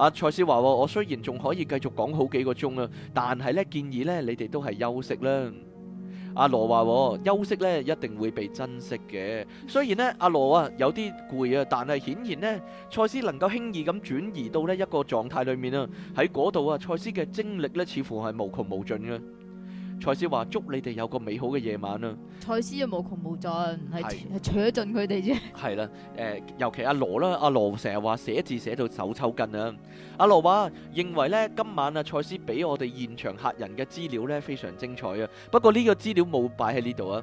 阿賽斯話：我雖然仲可以繼續講好幾個鐘啊，但係咧建議咧你哋都係休息啦。阿羅話：休息咧一定會被珍惜嘅。雖然咧阿羅啊有啲攰啊，啊但係顯然咧賽斯能夠輕易咁轉移到咧一個狀態裏面啊。喺嗰度啊，賽斯嘅精力咧似乎係無窮無盡嘅。賽斯說話：祝你哋有個美好嘅夜晚啊！賽斯又無窮無是盡，係係扯盡佢哋啫。係啦，誒，尤其阿羅啦，阿羅成日話寫字寫到手抽筋啊！阿羅話認為咧，今晚啊，賽斯俾我哋現場客人嘅資料咧，非常精彩啊！不過呢個資料冇擺喺呢度啊！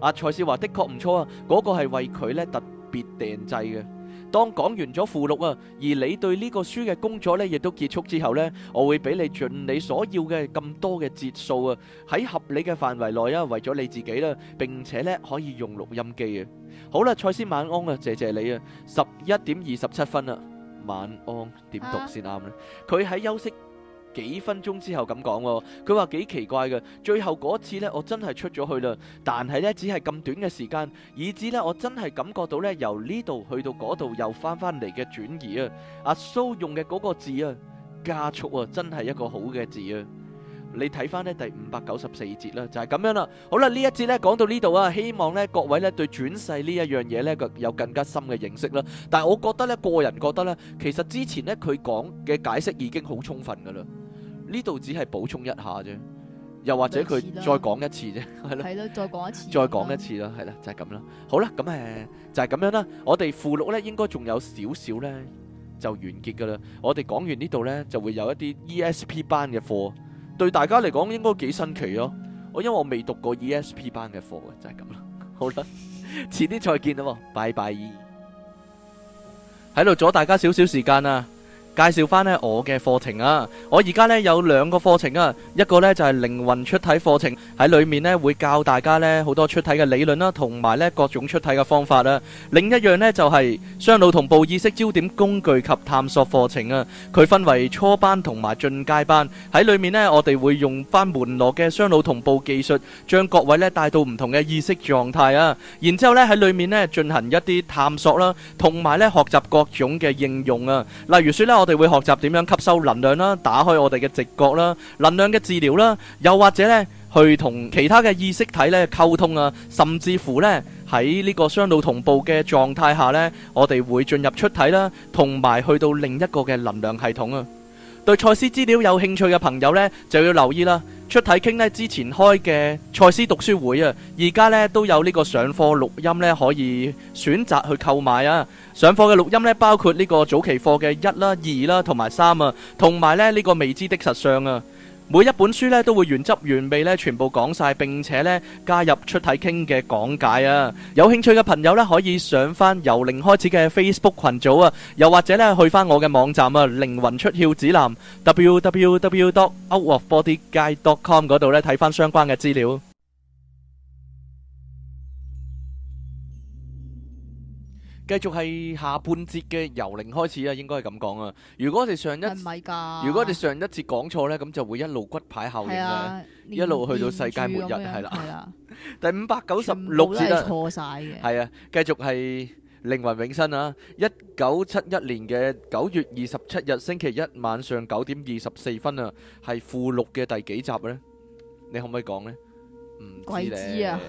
阿賽斯說話：的確唔錯啊，嗰、那個係為佢咧特別訂製嘅。當講完咗附錄啊，而你對呢個書嘅工作咧，亦都結束之後咧，我會俾你盡你所要嘅咁多嘅節數啊，喺合理嘅範圍內啊，為咗你自己啦，並且咧可以用錄音機啊。好啦，蔡先晚安啊，謝謝你啊，十一點二十七分啊，晚安，點讀先啱咧？佢喺休息。幾分鐘之後咁講喎，佢話幾奇怪嘅。最後嗰次呢，呢，我真係出咗去啦，但係呢，只係咁短嘅時間，以致呢，我真係感覺到呢，由呢度去到嗰度又翻返嚟嘅轉移啊。阿蘇用嘅嗰個字啊，加速啊，真係一個好嘅字啊。你睇翻咧第五百九十四節啦，就係咁樣啦。好啦，呢一節咧講到呢度啊，希望咧各位咧對轉世呢一樣嘢咧個有更加深嘅認識啦。但係我覺得咧，個人覺得咧，其實之前咧佢講嘅解釋已經好充分噶啦，呢度只係補充一下啫，又或者佢再講一次啫，係咯，係咯，再講一次，再講一次啦，係啦，就係咁啦。好啦，咁誒就係咁樣啦。我哋附錄咧應該仲有少少咧就完結噶啦。我哋講完呢度咧就會有一啲 ESP 班嘅課。對大家嚟講應該幾新奇咯，我因為我未讀過 ESP 班嘅課就係咁啦。好啦，遲啲再見啦，拜拜，喺度阻大家少少時間啊。介紹翻呢我嘅課程啊，我而家呢有兩個課程啊，一個呢就係靈魂出體課程，喺裏面呢會教大家呢好多出體嘅理論啦，同埋呢各種出體嘅方法啊。另一樣呢就係雙腦同步意識焦點工具及探索課程啊，佢分為初班同埋進階班，喺裏面呢我哋會用翻門羅嘅雙腦同步技術，將各位呢帶到唔同嘅意識狀態啊，然之後呢喺裏面呢進行一啲探索啦，同埋呢學習各種嘅應用啊，例如說呢我。我哋會學習點樣吸收能量啦，打開我哋嘅直覺啦，能量嘅治療啦，又或者咧去同其他嘅意識體咧溝通啊，甚至乎咧喺呢個雙腦同步嘅狀態下咧，我哋會進入出體啦，同埋去到另一個嘅能量系統啊。對賽斯資料有興趣嘅朋友咧，就要留意啦。出體傾咧之前開嘅賽斯讀書會啊，而家咧都有呢個上課錄音咧，可以選擇去購買啊。上課嘅錄音咧，包括呢個早期課嘅一啦、二啦同埋三啊，同埋咧呢個未知的實相啊，每一本書咧都會原汁原味咧全部講晒，並且咧加入出體傾嘅講解啊。有興趣嘅朋友咧，可以上翻由零開始嘅 Facebook 群組啊，又或者咧去翻我嘅網站啊，靈魂出竅指南 www.outofbodyguide.com 嗰度咧睇翻相關嘅資料。繼續係下半節嘅由零開始啊，應該係咁講啊。如果我哋上一如果我哋上一節講錯咧，咁就會一路骨牌效應啦，一路去到世界末日係啦。係啦，第五百九十六節錯晒嘅。係啊，繼續係靈魂永生啊！一九七一年嘅九月二十七日星期一晚上九點二十四分啊，係附錄嘅第幾集咧？你可唔可以講咧？唔鬼知啊！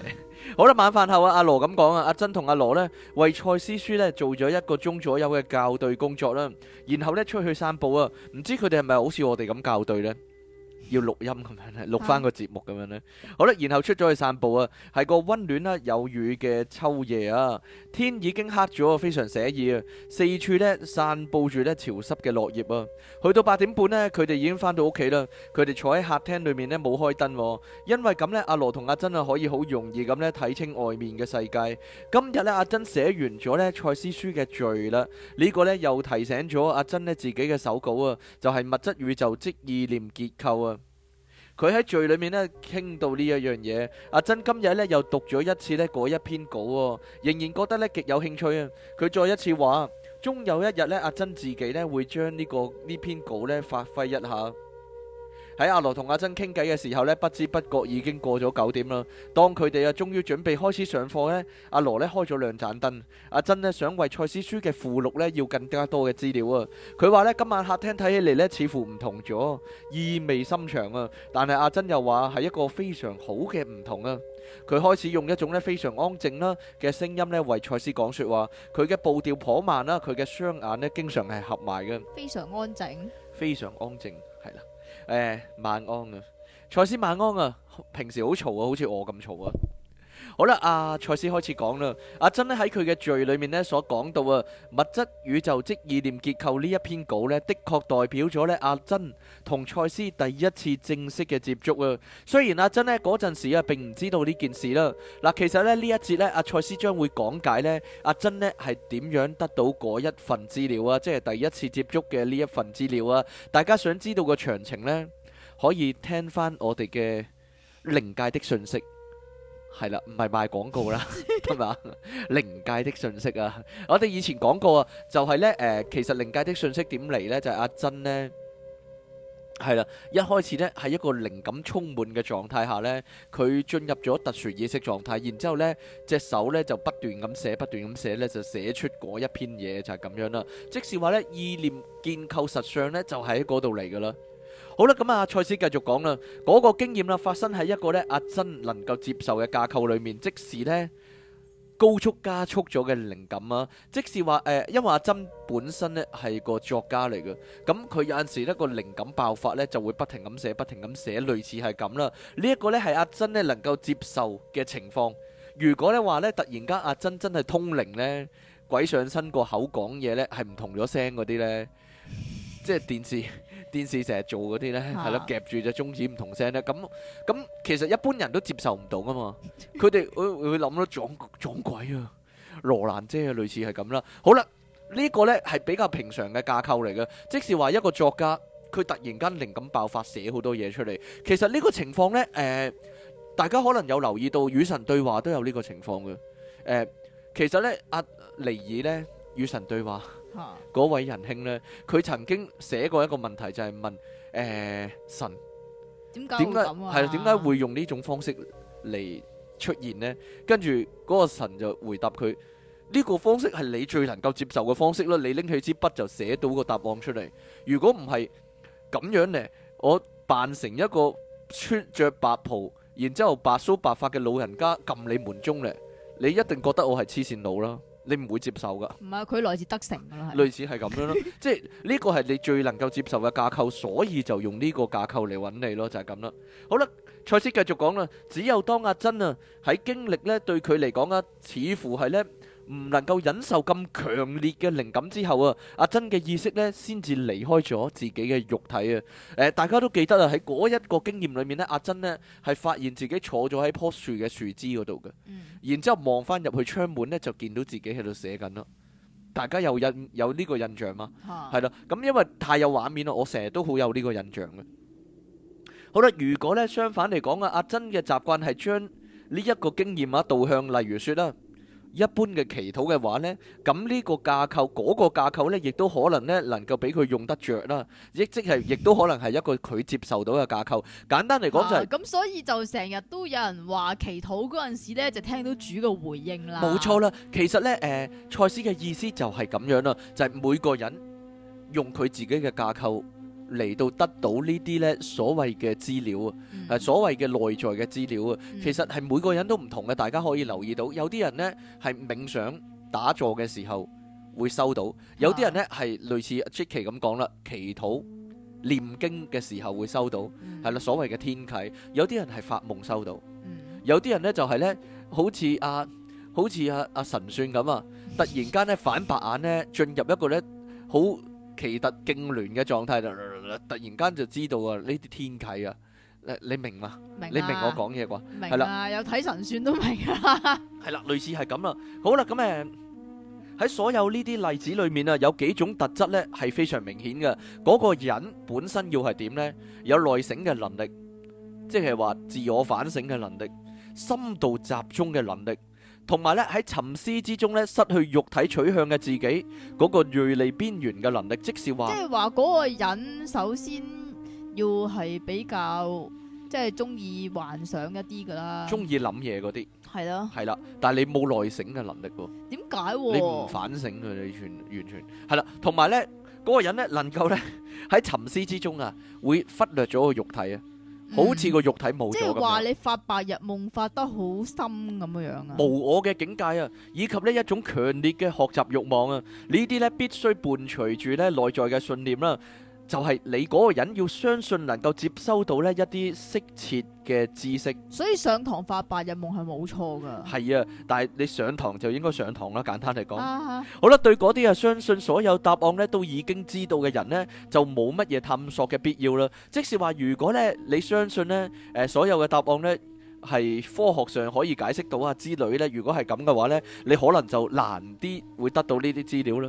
好啦， (laughs) 好，晚飯後啊，阿羅咁講啊，阿珍同阿羅呢，為蔡思書呢做咗一個鐘左右嘅校對工作啦，然後呢，出去散步啊，唔知佢哋係咪好似我哋咁校對呢？要錄音咁樣咧，錄翻個節目咁樣咧。好啦，然後出咗去散步啊，係個溫暖啦有雨嘅秋夜啊，天已經黑咗啊，非常寫意啊。四處咧散佈住咧潮濕嘅落葉啊。去到八點半咧，佢哋已經翻到屋企啦。佢哋坐喺客廳裏面咧冇開燈，因為咁咧，阿羅同阿珍啊可以好容易咁咧睇清外面嘅世界。今日咧，阿珍寫完咗咧賽斯書嘅序啦。呢個咧又提醒咗阿珍咧自己嘅手稿啊，就係物質宇宙即意念結構啊。佢喺序裏面咧傾到呢一樣嘢，阿珍今日咧又讀咗一次呢嗰一篇稿喎、哦，仍然覺得呢極有興趣啊！佢再一次話，終有一日呢，阿珍自己咧會將呢、這個呢篇稿咧發揮一下。喺阿羅同阿珍傾偈嘅時候呢，不知不覺已經過咗九點啦。當佢哋啊，終於準備開始上課呢，阿羅呢開咗兩盞燈，阿珍呢想為賽斯書嘅附錄呢要更加多嘅資料啊。佢話呢，今晚客廳睇起嚟呢似乎唔同咗，意味深長啊。但係阿珍又話係一個非常好嘅唔同啊。佢開始用一種呢非常安靜啦嘅聲音呢為賽斯講說話，佢嘅步調頗慢啦，佢嘅雙眼呢經常係合埋嘅，非常安靜，非常安靜。誒，晚安啊，賽斯晚安啊。平時好嘈啊，好似我咁嘈啊。好啦，阿、啊、賽斯開始講啦。阿、啊、珍咧喺佢嘅序裏面咧所講到啊，物質宇宙即意念結構呢一篇稿呢的確代表咗呢阿珍同賽斯第一次正式嘅接觸啊。雖然阿、啊、珍呢嗰陣時啊並唔知道呢件事啦。嗱、啊，其實咧呢一節呢、啊，阿賽斯將會講解呢阿、啊、珍呢係點樣得到嗰一份資料啊，即係第一次接觸嘅呢一份資料啊。大家想知道嘅詳情呢，可以聽翻我哋嘅靈界的信息。係啦，唔係賣廣告啦，係嘛？靈界的信息啊， (laughs) 我哋以前講過啊，就係、是、呢。誒、呃，其實靈界的信息點嚟呢？就係、是、阿珍呢，係啦，一開始呢，喺一個靈感充滿嘅狀態下呢，佢進入咗特殊意識狀態，然之後呢隻手呢，就不斷咁寫，不斷咁寫呢，就寫出嗰一篇嘢，就係、是、咁樣啦。即是話呢，意念建構實相呢，就喺嗰度嚟噶啦。好啦，咁啊繼，賽斯繼續講啦，嗰個經驗啦，發生喺一個呢阿珍能夠接受嘅架構裏面，即使呢高速加速咗嘅靈感啊，即使話誒，因為阿珍本身呢係個作家嚟嘅，咁佢有陣時呢個靈感爆發呢就會不停咁寫，不停咁寫，類似係咁啦。呢、這、一個呢係阿珍呢能夠接受嘅情況。如果呢話呢，呢突然間阿珍真係通靈呢，鬼上身個口講嘢呢係唔同咗聲嗰啲呢，即係電視。電視成日做嗰啲咧，係咯，夾住隻中指唔同聲咧，咁咁其實一般人都接受唔到啊嘛，佢哋會會諗到撞撞鬼啊，羅蘭姐啊類似係咁啦。好啦，呢個咧係比較平常嘅架構嚟嘅，即係話一個作家佢突然間靈感爆發，寫好多嘢出嚟。其實呢個情況咧，誒大家可能有留意到，與神對話都有呢個情況嘅。誒，其實咧阿尼爾咧與神對話。嗰、啊、位仁兄呢，佢曾經寫過一個問題就問，就係問誒神點解係點解會用呢種方式嚟出現呢？跟住嗰個神就回答佢，呢、這個方式係你最能夠接受嘅方式啦。你拎起支筆就寫到個答案出嚟。如果唔係咁樣呢，我扮成一個穿着白袍，然之後白鬚白髮嘅老人家撳你門鐘咧，你一定覺得我係黐線佬啦。你唔會接受噶，唔係佢來自德城噶啦，類似係咁樣咯， (laughs) 即係呢個係你最能夠接受嘅架構，所以就用呢個架構嚟揾你咯，就係咁啦。好啦，賽斯繼續講啦，只有當阿珍啊喺經歷呢，對佢嚟講啊，似乎係呢。唔能夠忍受咁強烈嘅靈感之後啊，阿珍嘅意識咧先至離開咗自己嘅肉體啊。誒、呃，大家都記得啊，喺嗰一個經驗裏面咧，阿珍咧係發現自己坐咗喺棵樹嘅樹枝嗰度嘅，嗯、然之後望翻入去窗門呢就見到自己喺度寫緊咯。大家有印有呢個印象嗎？係啦、啊，咁因為太有畫面啦，我成日都好有呢個印象嘅。好啦，如果咧相反嚟講啊，阿珍嘅習慣係將呢一個經驗啊導向，例如說啦、啊。一般嘅祈禱嘅話咧，咁呢個架構嗰個架構咧，亦都可能咧能夠俾佢用得著啦，亦即係亦都可能係一個佢接受到嘅架構。簡單嚟講就係，咁所以就成日都有人話祈禱嗰陣時咧，就聽到主嘅回應啦。冇錯啦，其實咧誒，賽斯嘅意思就係咁樣啦，就係每個人用佢自己嘅架構，嚟到得到呢啲咧所謂嘅資料啊，誒所謂嘅內在嘅資料啊，其實係每個人都唔同嘅。大家可以留意到，有啲人咧係冥想打坐嘅時候會收到，有啲人咧係類似 Jackie 咁講啦，祈禱唸經嘅時候會收到，係啦，所謂嘅天啟。有啲人係發夢收到，有啲人咧就係咧，好似阿好似阿阿神算咁啊，突然間咧反白眼咧進入一個咧好奇特痙攣嘅狀態度。突然間就知道啊呢啲天啟啊，你你明嘛？明，你明我講嘢啩？明啊，有睇神算都明啦。係啦，類似係咁啦。好啦，咁誒喺所有呢啲例子裏面啊，有幾種特質咧係非常明顯嘅。嗰個人本身要係點咧？有內省嘅能力，即係話自我反省嘅能力，深度集中嘅能力。同埋咧喺沉思之中咧失去肉體取向嘅自己嗰個銳利邊緣嘅能力，即是話，即係話嗰個人首先要係比較即係中意幻想一啲噶啦，中意諗嘢嗰啲係啦，係啦，但係你冇耐性嘅能力喎，點解你唔反省佢？你完完全係啦，同埋咧嗰個人咧能夠咧喺沉思之中啊會忽略咗個肉體啊。好似個肉體冇咗，即係話你發白日夢發得好深咁樣啊！無我嘅境界啊，以及呢一種強烈嘅學習慾望啊，呢啲呢必須伴隨住呢內在嘅信念啦、啊。就係你嗰個人要相信能夠接收到呢一啲適切嘅知識，所以上堂發白日夢係冇錯噶。係啊，但係你上堂就應該上堂啦，簡單嚟講。Uh huh. 好啦，對嗰啲啊相信所有答案呢都已經知道嘅人呢，就冇乜嘢探索嘅必要啦。即使話如果呢你相信呢誒所有嘅答案呢係科學上可以解釋到啊之類呢，如果係咁嘅話呢，你可能就難啲會得到呢啲資料啦。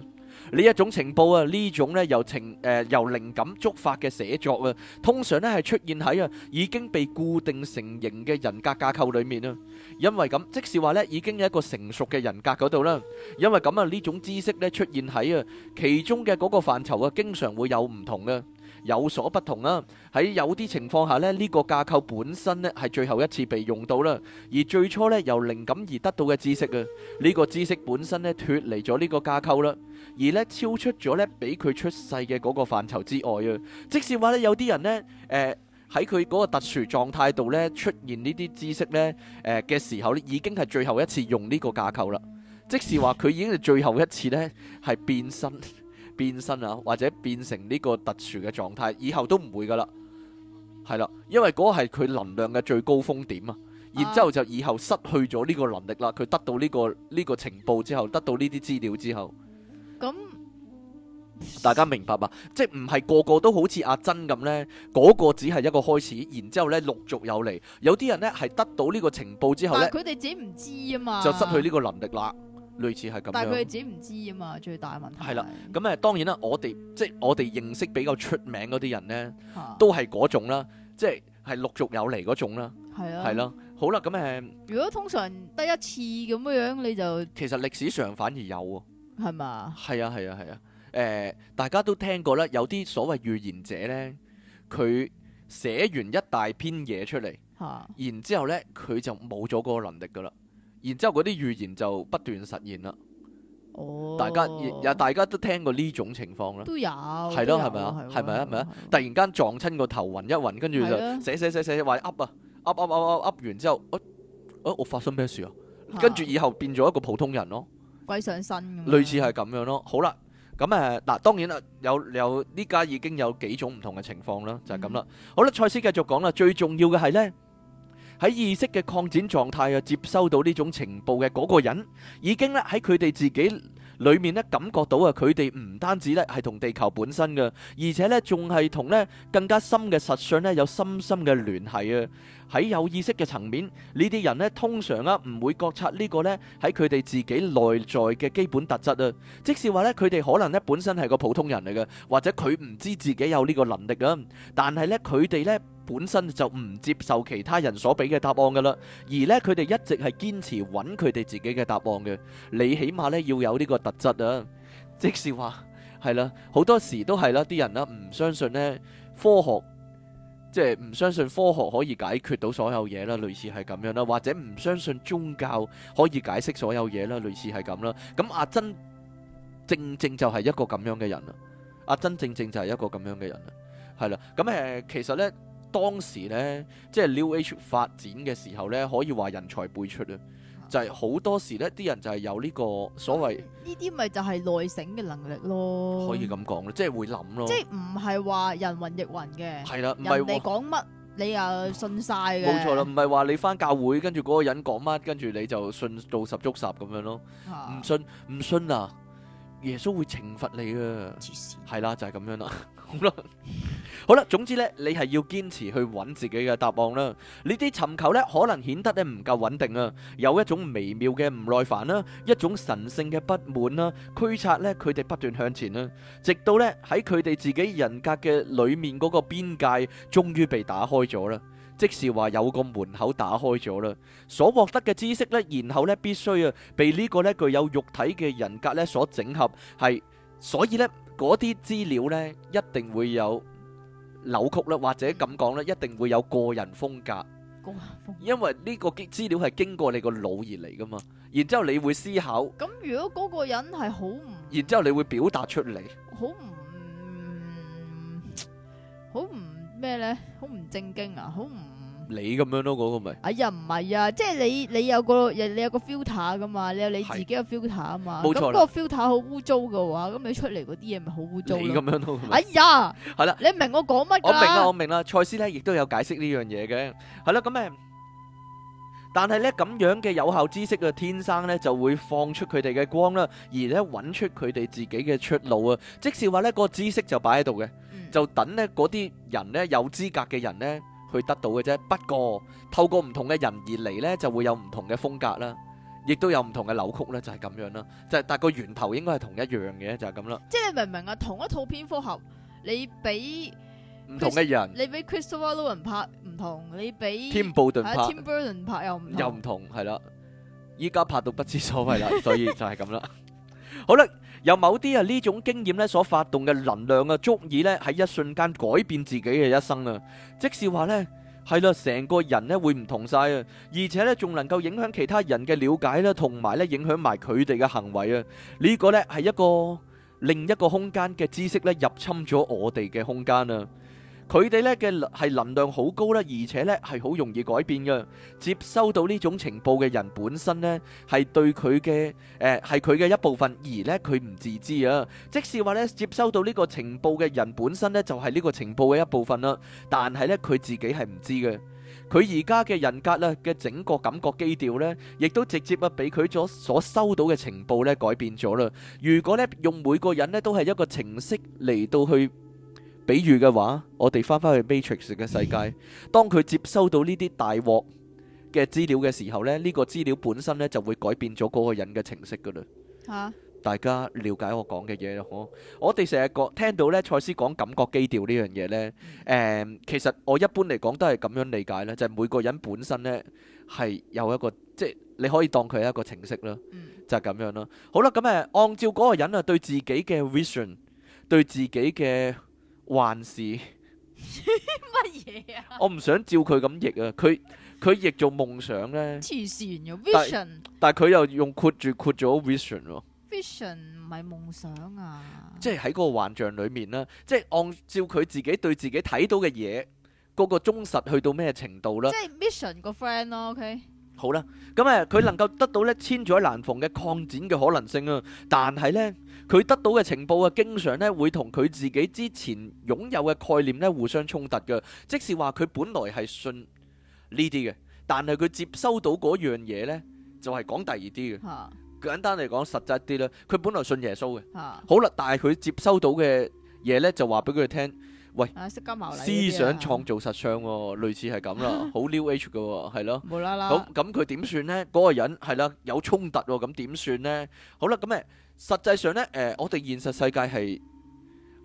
呢一種情報啊，呢種咧由情誒由靈感觸發嘅寫作啊，通常咧係出現喺啊已經被固定成型嘅人格架構裏面啊。因為咁，即使話咧已經有一個成熟嘅人格嗰度啦。因為咁啊，呢種知識咧出現喺啊其中嘅嗰個範疇啊，經常會有唔同嘅，有所不同啦。喺有啲情況下咧，呢個架構本身咧係最後一次被用到啦，而最初咧由靈感而得到嘅知識啊，呢個知識本身咧脫離咗呢個架構啦。而咧超出咗咧，俾佢出世嘅嗰個範疇之外啊！即使話咧有啲人咧，誒喺佢嗰個特殊狀態度咧出現呢啲知識咧，誒、呃、嘅時候咧已經係最後一次用呢個架構啦。即使話佢已經係最後一次咧，係變身變身啊，或者變成呢個特殊嘅狀態，以後都唔會噶啦，係啦，因為嗰個係佢能量嘅最高峰點啊。然之後就以後失去咗呢個能力啦。佢得到呢、呢個呢、呢個情報之後，得到呢啲資料之後。咁大家明白吧？即係唔係個個都好似阿珍咁咧？嗰、嗰個只係一個開始，然之後咧陸續有嚟，有啲人咧係得到呢個情報之後咧，佢哋自己唔知啊嘛，就失去呢個能力啦。類似係咁，但係佢哋自己唔知啊嘛，最大嘅問題係啦。咁誒，當然啦，我哋即係我哋認識比較出名嗰啲人咧，啊、都係嗰種啦，即係係陸續有嚟嗰種啦。係咯、啊，係咯，好啦，咁誒，如果通常得一次咁樣樣，你就其實歷史上反而有。係嘛？係啊係啊係啊！誒，大家都聽過咧，有啲所謂預言者咧，佢寫完一大篇嘢出嚟，然之後咧佢就冇咗個能力噶啦，然之後嗰啲預言就不斷實現啦。哦！大家也大家都聽過呢種情況啦，都有係咯，係咪啊？係咪啊？係咪啊！突然間撞親個頭，暈一暈，跟住就寫寫寫寫，寫，寫，話 up 啊 up up up up，up 完之後，誒誒，我發生咩事啊？跟住以後變咗一個普通人咯。鬼上身咁，類似係咁樣咯。好啦，咁誒，嗱，當然啦，有有呢家已經有幾種唔同嘅情況啦，就係咁啦。好啦，賽斯繼續講啦。最重要嘅係咧，喺意識嘅擴展狀態啊，接收到呢種情報嘅嗰個人，已經咧喺佢哋自己裏面咧感覺到啊，佢哋唔單止咧係同地球本身嘅，而且咧仲係同咧更加深嘅實相咧有深深嘅聯繫啊。喺有意識嘅層面，呢啲人呢通常啊唔會覺察呢個呢喺佢哋自己內在嘅基本特質啊。即係話呢，佢哋可能呢本身係個普通人嚟嘅，或者佢唔知自己有呢個能力啊。但係呢，佢哋呢本身就唔接受其他人所俾嘅答案㗎喇。而呢，佢哋一直係堅持揾佢哋自己嘅答案嘅。你起碼呢要有呢個特質啊。即係話係啦，好多時都係啦，啲人咧唔相信呢科學。即係唔相信科學可以解決到所有嘢啦，類似係咁樣啦，或者唔相信宗教可以解釋所有嘢啦，類似係咁啦。咁阿珍正正就係一個咁樣嘅人啦，阿、啊、珍正正就係一個咁樣嘅人啦，係啦。咁、嗯、誒，其實呢，當時呢，即係 New Age 發展嘅時候呢，可以話人才輩出啊。就係好多時咧，啲人就係有呢個所謂呢啲，咪、啊、就係內省嘅能力咯。可以咁講咯，即係會諗咯。即係唔係話人云亦云嘅。係啦，唔係你講乜你又信晒嘅。冇錯啦，唔係話你翻教會跟住嗰個人講乜，跟住你就信做十足十咁樣咯。唔、啊、信唔信啊！耶穌會懲罰你嘅。黐線。係啦，就係、是、咁樣啦。 (laughs) (laughs) 好啦，總之咧，你係要堅持去揾自己嘅答案啦。呢啲尋求咧，可能顯得咧唔夠穩定啊，有一種微妙嘅唔耐煩啦、啊，一種神性嘅不滿啦、啊，驅策咧佢哋不斷向前啦、啊，直到咧喺佢哋自己人格嘅裏面嗰個邊界，終於被打開咗啦，即是話有個門口打開咗啦，所獲得嘅知識咧，然後咧必須啊，被呢個咧具有肉體嘅人格咧所整合，係所以咧。嗰啲資料呢一定會有扭曲啦，或者咁講呢，一定會有個人風格。高下風，因為呢個資料係經過你個腦而嚟噶嘛，然之後你會思考。咁如果嗰個人係好唔，然之後你會表達出嚟，好唔好唔咩呢？好唔正經啊！好唔～你咁樣咯，嗰個咪？哎呀，唔係啊。即係你你有個你有個 filter 噶嘛，你有你自己個 filter 啊嘛。冇錯。咁個 filter 好污糟嘅話，咁你出嚟嗰啲嘢咪好污糟你咁樣咯？樣哎呀，係啦 (laughs) 了，你明我講乜？我明啦，我明啦。賽斯咧亦都有解釋呢樣嘢嘅。係啦，咁誒，但係咧咁樣嘅有效知識啊，天生咧就會放出佢哋嘅光啦，而咧揾出佢哋自己嘅出路啊。即使話咧、嗰個知識就擺喺度嘅，嗯、就等咧嗰啲人咧有資格嘅人咧。去得到嘅啫，不過透過唔同嘅人而嚟咧，就會有唔同嘅風格啦，亦都有唔同嘅扭曲咧，就係咁樣啦。就係嗰個源頭應該係同一樣嘅，就係咁啦。即係你明唔明啊？同一套蝙蝠俠，你俾唔同嘅人，你俾 Christopher Nolan 拍唔同，你俾 Tim Burton 拍，Tim Burton 拍又又唔同，係啦。依家拍到不知所謂啦，所以就係咁啦。好啦。由某啲啊呢種經驗咧所發動嘅能量啊，足以咧喺一瞬間改變自己嘅一生啊！即是話咧係啦，成個人咧會唔同晒啊，而且咧仲能夠影響其他人嘅了解啦，同埋咧影響埋佢哋嘅行為啊！呢個咧係一個另一個空間嘅知識咧入侵咗我哋嘅空間啊！佢哋咧嘅係能量好高啦，而且咧係好容易改變嘅。接收到呢種情報嘅人本身呢，係對佢嘅誒係佢嘅一部分，而呢，佢唔自知啊。即使話呢，接收到呢個情報嘅人本身呢，就係呢個情報嘅一部分啦。但係呢，佢自己係唔知嘅。佢而家嘅人格啦嘅整個感覺基調呢，亦都直接啊被佢所所收到嘅情報咧改變咗啦。如果呢，用每個人呢，都係一個程式嚟到去。比喻嘅話，我哋翻返去 Matrix 嘅世界，嗯、當佢接收到呢啲大鑊嘅資料嘅時候咧，呢、這個資料本身呢就會改變咗嗰個人嘅程式噶啦、啊、大家了解我講嘅嘢咯。我哋成日講聽到呢賽斯講感覺基調呢樣嘢呢，誒、嗯嗯，其實我一般嚟講都係咁樣理解咧，就係、是、每個人本身呢係有一個，即、就、係、是、你可以當佢係一個程式啦，嗯、就係咁樣啦。好啦，咁誒，按照嗰個人啊，對自己嘅 vision，對自己嘅。還是乜嘢 (laughs) 啊？我唔想照佢咁譯啊！佢佢譯做夢想咧，黐線，vision 但佢又用括住括咗 vision 咯、啊。vision 唔係夢想啊！即係喺嗰個幻象裡面啦，即係按照佢自己對自己睇到嘅嘢，嗰、那個忠實去到咩程度啦？即係 mission 個 friend 咯、啊、OK 好。好啦，咁誒，佢能夠得到咧千載難逢嘅擴展嘅可能性啊，嗯、但係咧。佢得到嘅情報啊，經常咧會同佢自己之前擁有嘅概念咧互相衝突嘅。即使話佢本來係信呢啲嘅，但係佢接收到嗰樣嘢咧，就係講第二啲嘅。簡單嚟講，實質啲啦。佢本來信耶穌嘅。啊、好啦，但係佢接收到嘅嘢咧，就話俾佢聽，喂，啊、思想創造實相喎、哦，類似係咁啦，好 new age 嘅喎，係咯。冇啦啦。咁咁佢點算咧？嗰個人係啦，有衝突喎，咁點算咧？好啦，咁誒。實際上呢，誒，我哋現實世界係，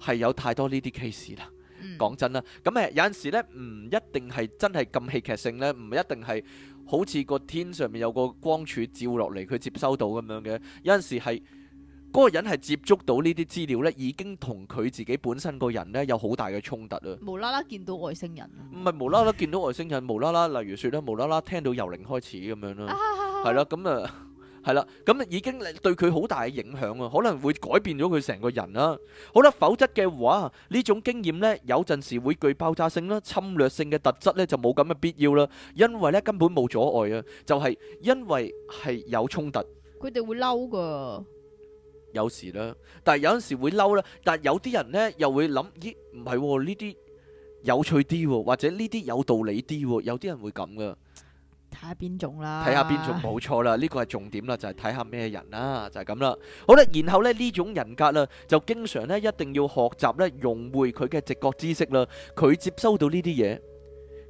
係有太多呢啲 case 啦。講真啦，咁誒有陣時呢，唔一定係真係咁戲劇性咧，唔一定係好似個天上面有個光柱照落嚟，佢接收到咁樣嘅。有陣時係嗰個人係接觸到呢啲資料呢，已經同佢自己本身個人呢有好大嘅衝突啊！無啦啦見到外星人，唔係無啦啦見到外星人，無啦啦例如説咧，無啦啦聽到幽靈開始咁樣啦，係咯咁誒。係啦，咁已經對佢好大嘅影響啊，可能會改變咗佢成個人啦。好啦，否則嘅話呢種經驗咧，有陣時會具爆炸性啦、侵略性嘅特質咧，就冇咁嘅必要啦。因為咧根本冇阻礙啊，就係因為係有衝突。佢哋會嬲噶，有時啦，但係有陣時會嬲啦。但係有啲人咧又會諗，咦，唔係呢啲有趣啲，或者呢啲有道理啲，有啲人會咁噶。睇下邊種啦，睇下邊種冇錯啦，呢個係重點啦，就係睇下咩人啦，就係咁啦。好啦，然後咧呢種人格啦，就經常咧一定要學習咧融會佢嘅直覺知識啦，佢接收到呢啲嘢，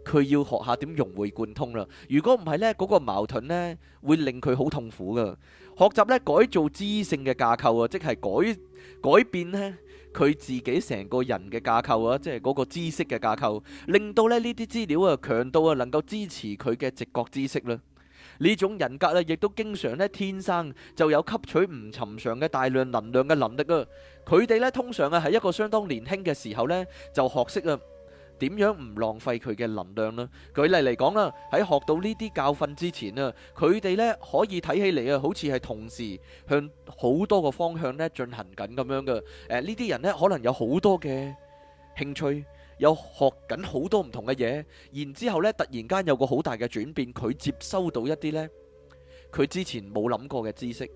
佢要學下點融會貫通啦。如果唔係咧，嗰個矛盾咧會令佢好痛苦噶。學習咧改造知性嘅架構啊，即係改改變咧。佢自己成個人嘅架構啊，即係嗰個知識嘅架構，令到咧呢啲資料啊強到啊能夠支持佢嘅直覺知識啦。呢種人格咧，亦都經常咧天生就有吸取唔尋常嘅大量能量嘅能力啊。佢哋咧通常啊係一個相當年輕嘅時候呢，就學識啊，點樣唔浪費佢嘅能量呢？舉例嚟講啦，喺學到呢啲教訓之前啊，佢哋咧可以睇起嚟啊，好似係同時向好多個方向咧進行緊咁樣嘅。誒，呢啲人咧可能有好多嘅興趣，有學緊好多唔同嘅嘢，然之後咧突然間有個好大嘅轉變，佢接收到一啲咧，佢之前冇諗過嘅知識，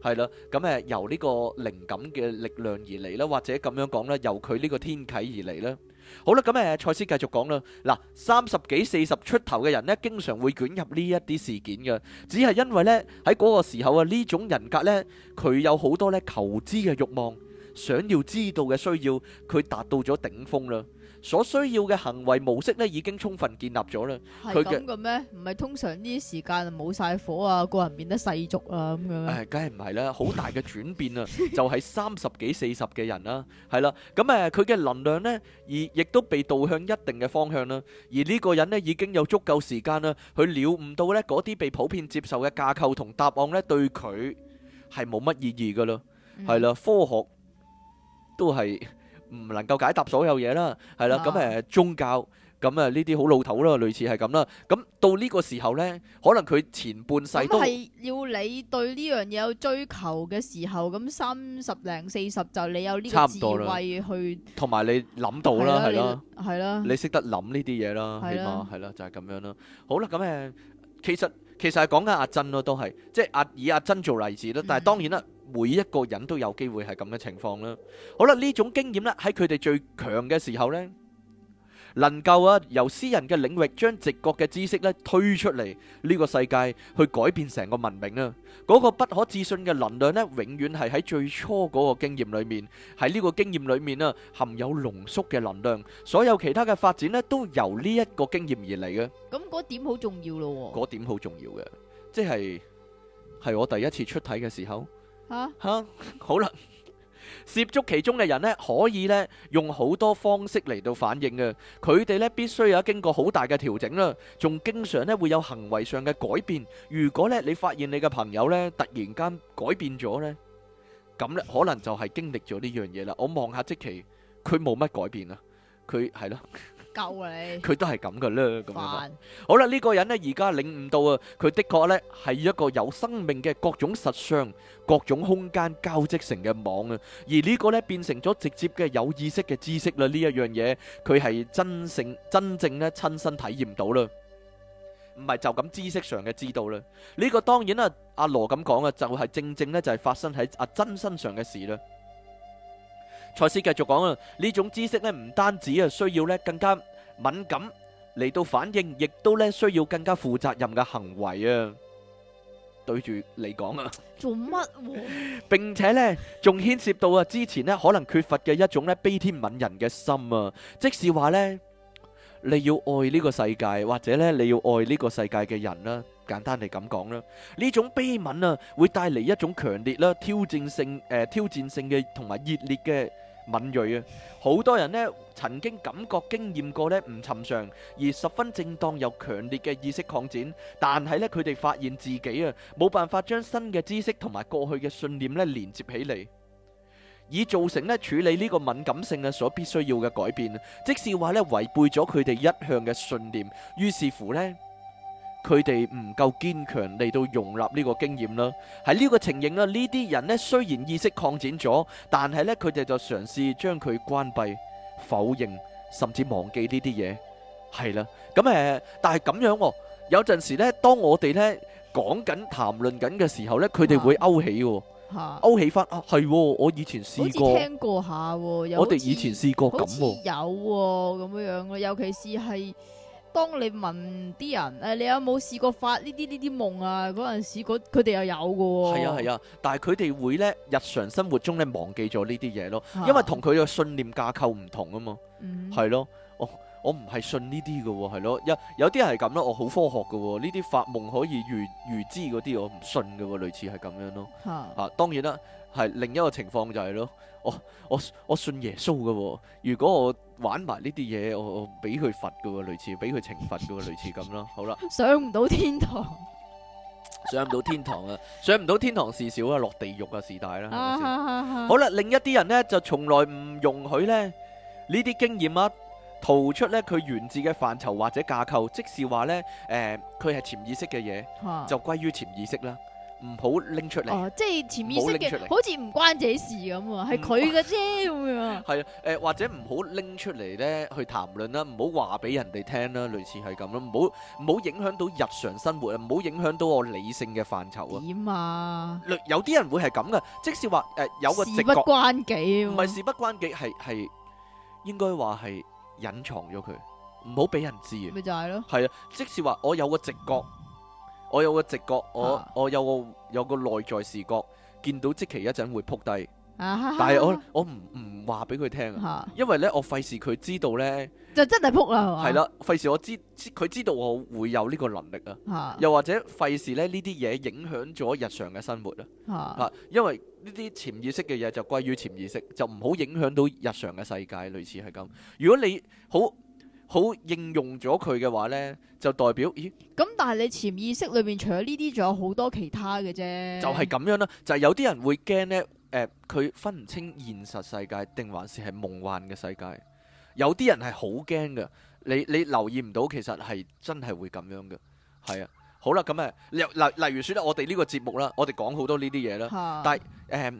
係啦，咁誒由呢個靈感嘅力量而嚟啦，或者咁樣講啦，由佢呢個天啟而嚟啦。好啦，咁誒，賽斯繼續講啦。嗱，三十幾、四十出頭嘅人咧，經常會捲入呢一啲事件嘅，只係因為呢喺嗰個時候啊，呢種人格呢，佢有好多咧求知嘅欲望，想要知道嘅需要，佢達到咗頂峰啦。所需要嘅行為模式咧，已經充分建立咗啦。係咁嘅咩？唔係通常呢啲時間冇晒火啊，個人變得世俗啊咁樣。誒，梗係唔係啦，好大嘅轉變啊，就係三十幾四十嘅人啦，係啦。咁誒，佢嘅能量咧，而亦都被導向一定嘅方向啦。而呢個人咧，已經有足夠時間啦，佢了悟到咧，嗰啲被普遍接受嘅架構同答案咧，對佢係冇乜意義噶咯。係啦，科學都係。唔能夠解答所有嘢啦，係啦，啊，咁誒、啊嗯、宗教，咁誒呢啲好老土啦，類似係咁啦。咁到呢個時候咧，可能佢前半世都係、嗯、要你對呢樣嘢有追求嘅時候，咁三十零四十就你有呢個智慧去，同埋你諗到、啊啊、啦，係咯，係、啊、啦，你識得諗呢啲嘢啦，啦起碼係啦，就係、是、咁樣啦。好啦，咁、嗯、誒，其實其實係講緊阿珍咯，都係，即係阿以阿珍做例子啦，但係當然啦。嗯每一個人都有機會係咁嘅情況啦。好啦，呢種經驗咧，喺佢哋最強嘅時候咧，能夠啊由私人嘅領域將直覺嘅知識咧推出嚟，呢個世界去改變成個文明啊！嗰個不可置信嘅能量咧，永遠係喺最初嗰個經驗裏面，喺呢個經驗裏面啊，含有濃縮嘅能量。所有其他嘅發展咧，都由呢一個經驗而嚟嘅。咁嗰點好重要咯喎，嗰點好重要嘅，即係係我第一次出體嘅時候。吓吓，好啦，涉足其中嘅人呢，可以呢用好多方式嚟到反應嘅，佢哋呢必須有經過好大嘅調整啦，仲經常呢會有行為上嘅改變。如果呢你發現你嘅朋友呢突然間改變咗呢，咁呢可能就係經歷咗呢樣嘢啦。我望下即期，佢冇乜改變啊，佢係咯。夠你，佢都係咁嘅啦。煩，好啦，呢個人咧而家領悟到啊，佢的確咧係一個有生命嘅各種實相、各種空間交織成嘅網啊，而呢個咧變成咗直接嘅有意識嘅知識啦。呢一樣嘢佢係真正真正咧親身體驗到啦，唔係就咁知識上嘅知道啦。呢個當然啦，阿羅咁講啊，就係正正咧就係發生喺阿真身上嘅事啦。蔡斯繼續講啊，呢種知識呢唔單止啊需要咧更加敏感嚟到反應，亦都咧需要更加負責任嘅行為啊，對住你講啊。做乜？並且呢，仲牽涉到啊之前咧可能缺乏嘅一種咧悲天憫人嘅心啊，即使話呢，你要愛呢個世界，或者咧你要愛呢個世界嘅人啦。簡單地咁講啦，呢種悲憫啊，會帶嚟一種強烈啦、呃、挑戰性誒、挑戰性嘅同埋熱烈嘅敏銳啊。好多人呢曾經感覺經驗過呢唔尋常，而十分正當又強烈嘅意識擴展，但係呢，佢哋發現自己啊冇辦法將新嘅知識同埋過去嘅信念呢連接起嚟，以造成呢處理呢個敏感性啊所必須要嘅改變，即是話呢違背咗佢哋一向嘅信念，於是乎呢。佢哋唔夠堅強嚟到容納呢個經驗啦，喺呢個情形啦，呢啲人咧雖然意識擴展咗，但係咧佢哋就嘗試將佢關閉、否認，甚至忘記呢啲嘢。係啦，咁誒，但係咁樣喎，有陣時咧，當我哋咧講緊、談論緊嘅時候咧，佢哋會勾起喎，勾起返，係喎，我以前試過，我聽過下喎，我哋以前試過咁喎，有喎咁樣咯，尤其是係。當你問啲人誒、哎，你有冇試過發呢啲呢啲夢啊？嗰陣時，佢哋又有嘅喎、哦。係啊係啊，但係佢哋會咧，日常生活中咧忘記咗呢啲嘢咯，因為同佢嘅信念架構唔同啊嘛。係、嗯、咯，我我唔係信呢啲嘅，係咯，有有啲係咁咯，我好科學嘅，呢啲發夢可以預預知嗰啲，我唔信嘅，類似係咁樣咯。吓、啊啊，當然啦，係另一個情況就係、是、咯，我我我，我信耶穌嘅，如果我。玩埋呢啲嘢，我我俾佢罰㗎喎，類似俾佢懲罰㗎喎，類似咁咯。好啦，上唔到天堂， (laughs) 上唔到天堂啊！上唔到天堂事小啊，落地獄啊事大啦。好啦，另一啲人呢，就從來唔容許呢呢啲經驗啊逃出呢佢源自嘅範疇或者架構，即是話呢，誒、呃，佢係潛意識嘅嘢，就歸於潛意識啦。 (laughs) 唔好拎出嚟，即係潛意識嘅，好似唔關自己事咁啊，係佢嘅啫咁樣。係啊，誒，或者唔好拎出嚟咧去談論啦，唔好話俾人哋聽啦，類似係咁咯，唔好唔好影響到日常生活啊，唔好影響到我理性嘅範疇啊。點啊？有啲人會係咁噶，即使話誒有個直覺，事不關己唔係事不關己，係，係應該話係隱藏咗佢，唔好俾人知。咪就係咯。係啊，即使話我有個直覺。我有個直覺，我我有個有個內在視覺，見到即期一陣會撲低，但係我我唔唔話俾佢聽啊，因為呢，我費事佢知道呢，就真係撲啦，係啦，費事我知知佢知道我會有呢個能力啊， (laughs) 又或者費事呢呢啲嘢影響咗日常嘅生活啊，啊， (laughs) 因為呢啲潛意識嘅嘢就歸於潛意識，就唔好影響到日常嘅世界，類似係咁。如果你好。好應用咗佢嘅話呢，就代表咦？咁但係你潛意識裏面除咗呢啲，仲有好多其他嘅啫。就係咁樣啦，就係有啲人會驚呢，誒、呃，佢分唔清現實世界定還是係夢幻嘅世界。有啲人係好驚㗎，你你留意唔到，其實係真係會咁樣嘅。係啊，好啦，咁誒，例例如，説咧，我哋呢個節目啦，我哋講好多呢啲嘢啦，哈 但係誒。呃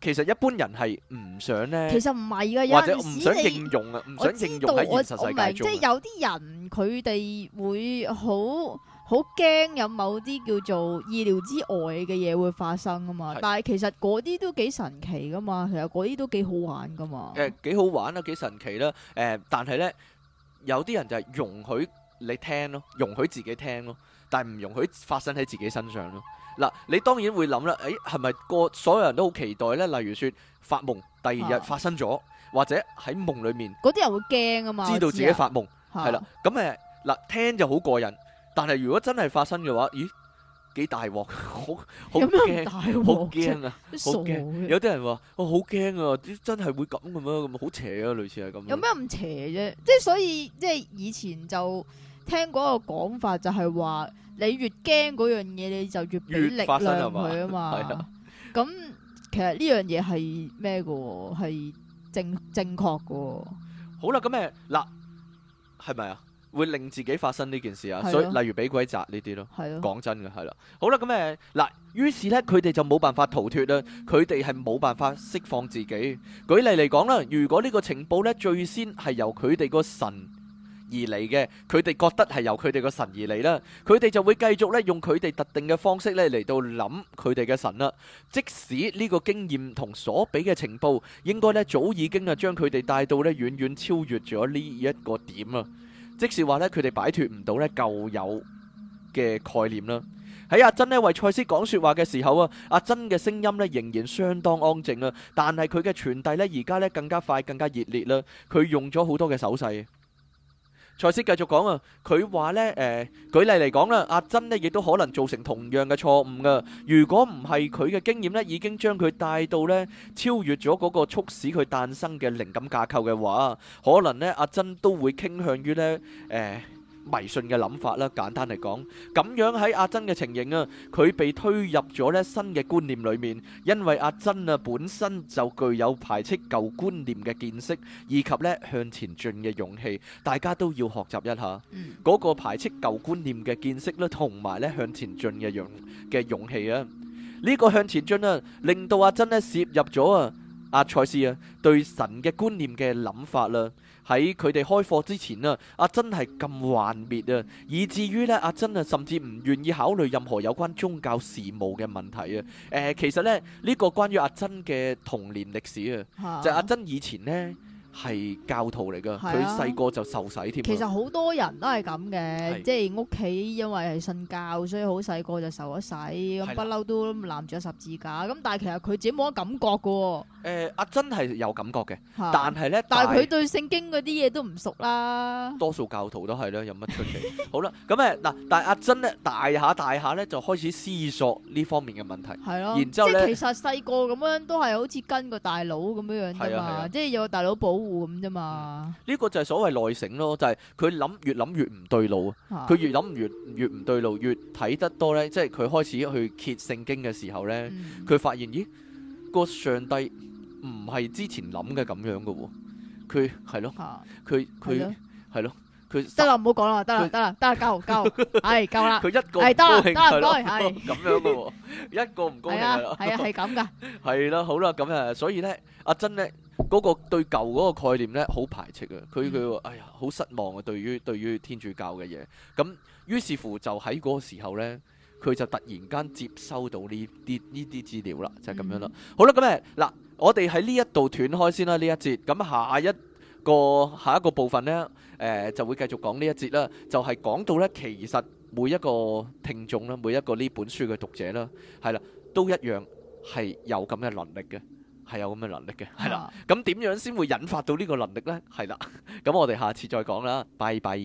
其實一般人係唔想咧，其實唔係噶，或者唔想應用啊，唔你想應用喺現實世界中的 即係有啲人佢哋會好好驚有某啲叫做意料之外嘅嘢會發生啊嘛。是的 但係其實嗰啲都幾神奇噶嘛，其實嗰啲都幾好玩噶嘛。誒、呃，幾好玩啦，幾神奇啦。誒、呃，但係咧有啲人就係容許你聽咯，容許自己聽咯，但係唔容許發生喺自己身上咯。嗱，你當然會諗啦，誒係咪個所有人都好期待咧？例如說發夢第二日發生咗，啊、或者喺夢裡面，嗰啲人會驚啊嘛，知道自己發夢係、啊、啦。咁誒嗱聽就好過癮，啊、但係如果真係發生嘅話，咦幾 (laughs) 好大鑊？ (laughs) 好、啊、有咩大鑊？好驚，有啲人話：我好驚啊！真係會咁嘅咩？咁好邪啊！類似係咁。有咩咁邪啫？即係所以即係以前就。聽嗰個講法就係話，你越驚嗰樣嘢，你就越俾力量佢啊他嘛。咁 (laughs) (laughs) 其實呢樣嘢係咩嘅？係正正確嘅。好啦，咁誒嗱，係、啊、咪啊？會令自己發生呢件事啊？啊所以例如俾鬼砸呢啲咯。係咯、啊。講真嘅係啦。好啦，咁誒嗱，于、啊、是咧，佢哋就冇辦法逃脱啦。佢哋係冇辦法釋放自己。舉例嚟講啦，如果呢個情報咧，最先係由佢哋個神。而嚟嘅，佢哋覺得係由佢哋個神而嚟啦。佢哋就會繼續咧用佢哋特定嘅方式咧嚟到諗佢哋嘅神啦。即使呢個經驗同所俾嘅情報，應該咧早已經啊將佢哋帶到咧遠遠超越咗呢一個點啊。即使話呢，佢哋擺脫唔到咧舊有嘅概念啦。喺阿珍咧為賽斯講說話嘅時候啊，阿珍嘅聲音咧仍然相當安靜啊，但係佢嘅傳遞咧而家呢，更加快，更加熱烈啦。佢用咗好多嘅手勢。賽斯繼續講啊，佢話呢，誒、呃，舉例嚟講啦，阿珍呢亦都可能造成同樣嘅錯誤噶。如果唔係佢嘅經驗呢已經將佢帶到呢超越咗嗰個促使佢誕生嘅靈感架構嘅話，可能呢，阿珍都會傾向於呢。誒、呃，迷信嘅諗法啦，簡單嚟講，咁樣喺阿珍嘅情形啊，佢被推入咗呢新嘅觀念裏面，因為阿珍啊本身就具有排斥舊觀念嘅見識，以及呢向前進嘅勇氣，大家都要學習一下嗰、嗯、個排斥舊觀念嘅見識啦，同埋呢向前進嘅勇嘅勇氣啊。呢、這個向前進啊，令到阿珍呢涉入咗啊。阿蔡斯啊，對神嘅觀念嘅諗法啦、啊，喺佢哋開課之前啊，阿珍係咁幻滅啊，以至於呢，阿、啊、珍啊，甚至唔願意考慮任何有關宗教事務嘅問題啊。誒、啊，其實呢，呢、這個關於阿珍嘅童年歷史啊，就阿、是、珍、啊、以前呢。係教徒嚟噶，佢細個就受洗添。其實好多人都係咁嘅，即係屋企因為係信教，所以好細個就受咗洗，咁不嬲都攬住十字架。咁但係其實佢自己冇乜感覺嘅喎。誒，阿珍係有感覺嘅，但係咧，但係佢對聖經嗰啲嘢都唔熟啦。多數教徒都係啦，有乜出奇？好啦，咁誒嗱，但係阿珍咧大下大下咧就開始思索呢方面嘅問題。係咯，即係其實細個咁樣都係好似跟個大佬咁樣樣嘛，即係有個大佬保。咁啫嘛？呢個就係所謂內省咯，就係佢諗越諗越唔對路，佢越諗越越唔對路，越睇得多咧，即係佢開始去揭聖經嘅時候咧，佢發現咦，個上帝唔係之前諗嘅咁樣噶喎，佢係咯，佢佢係咯，佢得啦，唔好講啦，得啦，得啦，得啦，夠夠，係夠啦，佢一個唔該係咁樣噶喎，一個唔該係啊係啊係咁噶，係啦好啦咁啊，所以咧阿珍咧。嗰個對舊嗰個概念呢，好排斥啊！佢佢話：哎呀，好失望啊！對於對於天主教嘅嘢，咁於是乎就喺嗰個時候呢，佢就突然間接收到呢啲呢啲資料啦，就係咁樣啦。嗯、好啦，咁誒嗱，我哋喺呢一度斷開先啦呢一節，咁下一個下一個部分呢，誒、呃、就會繼續講呢一節啦，就係講到呢，其實每一個聽眾啦，每一個呢本書嘅讀者啦，係啦，都一樣係有咁嘅能力嘅。係有咁嘅能力嘅，係啦的。咁點樣先會引發到呢個能力呢？係啦。咁 (laughs) 我哋下次再講啦。拜拜。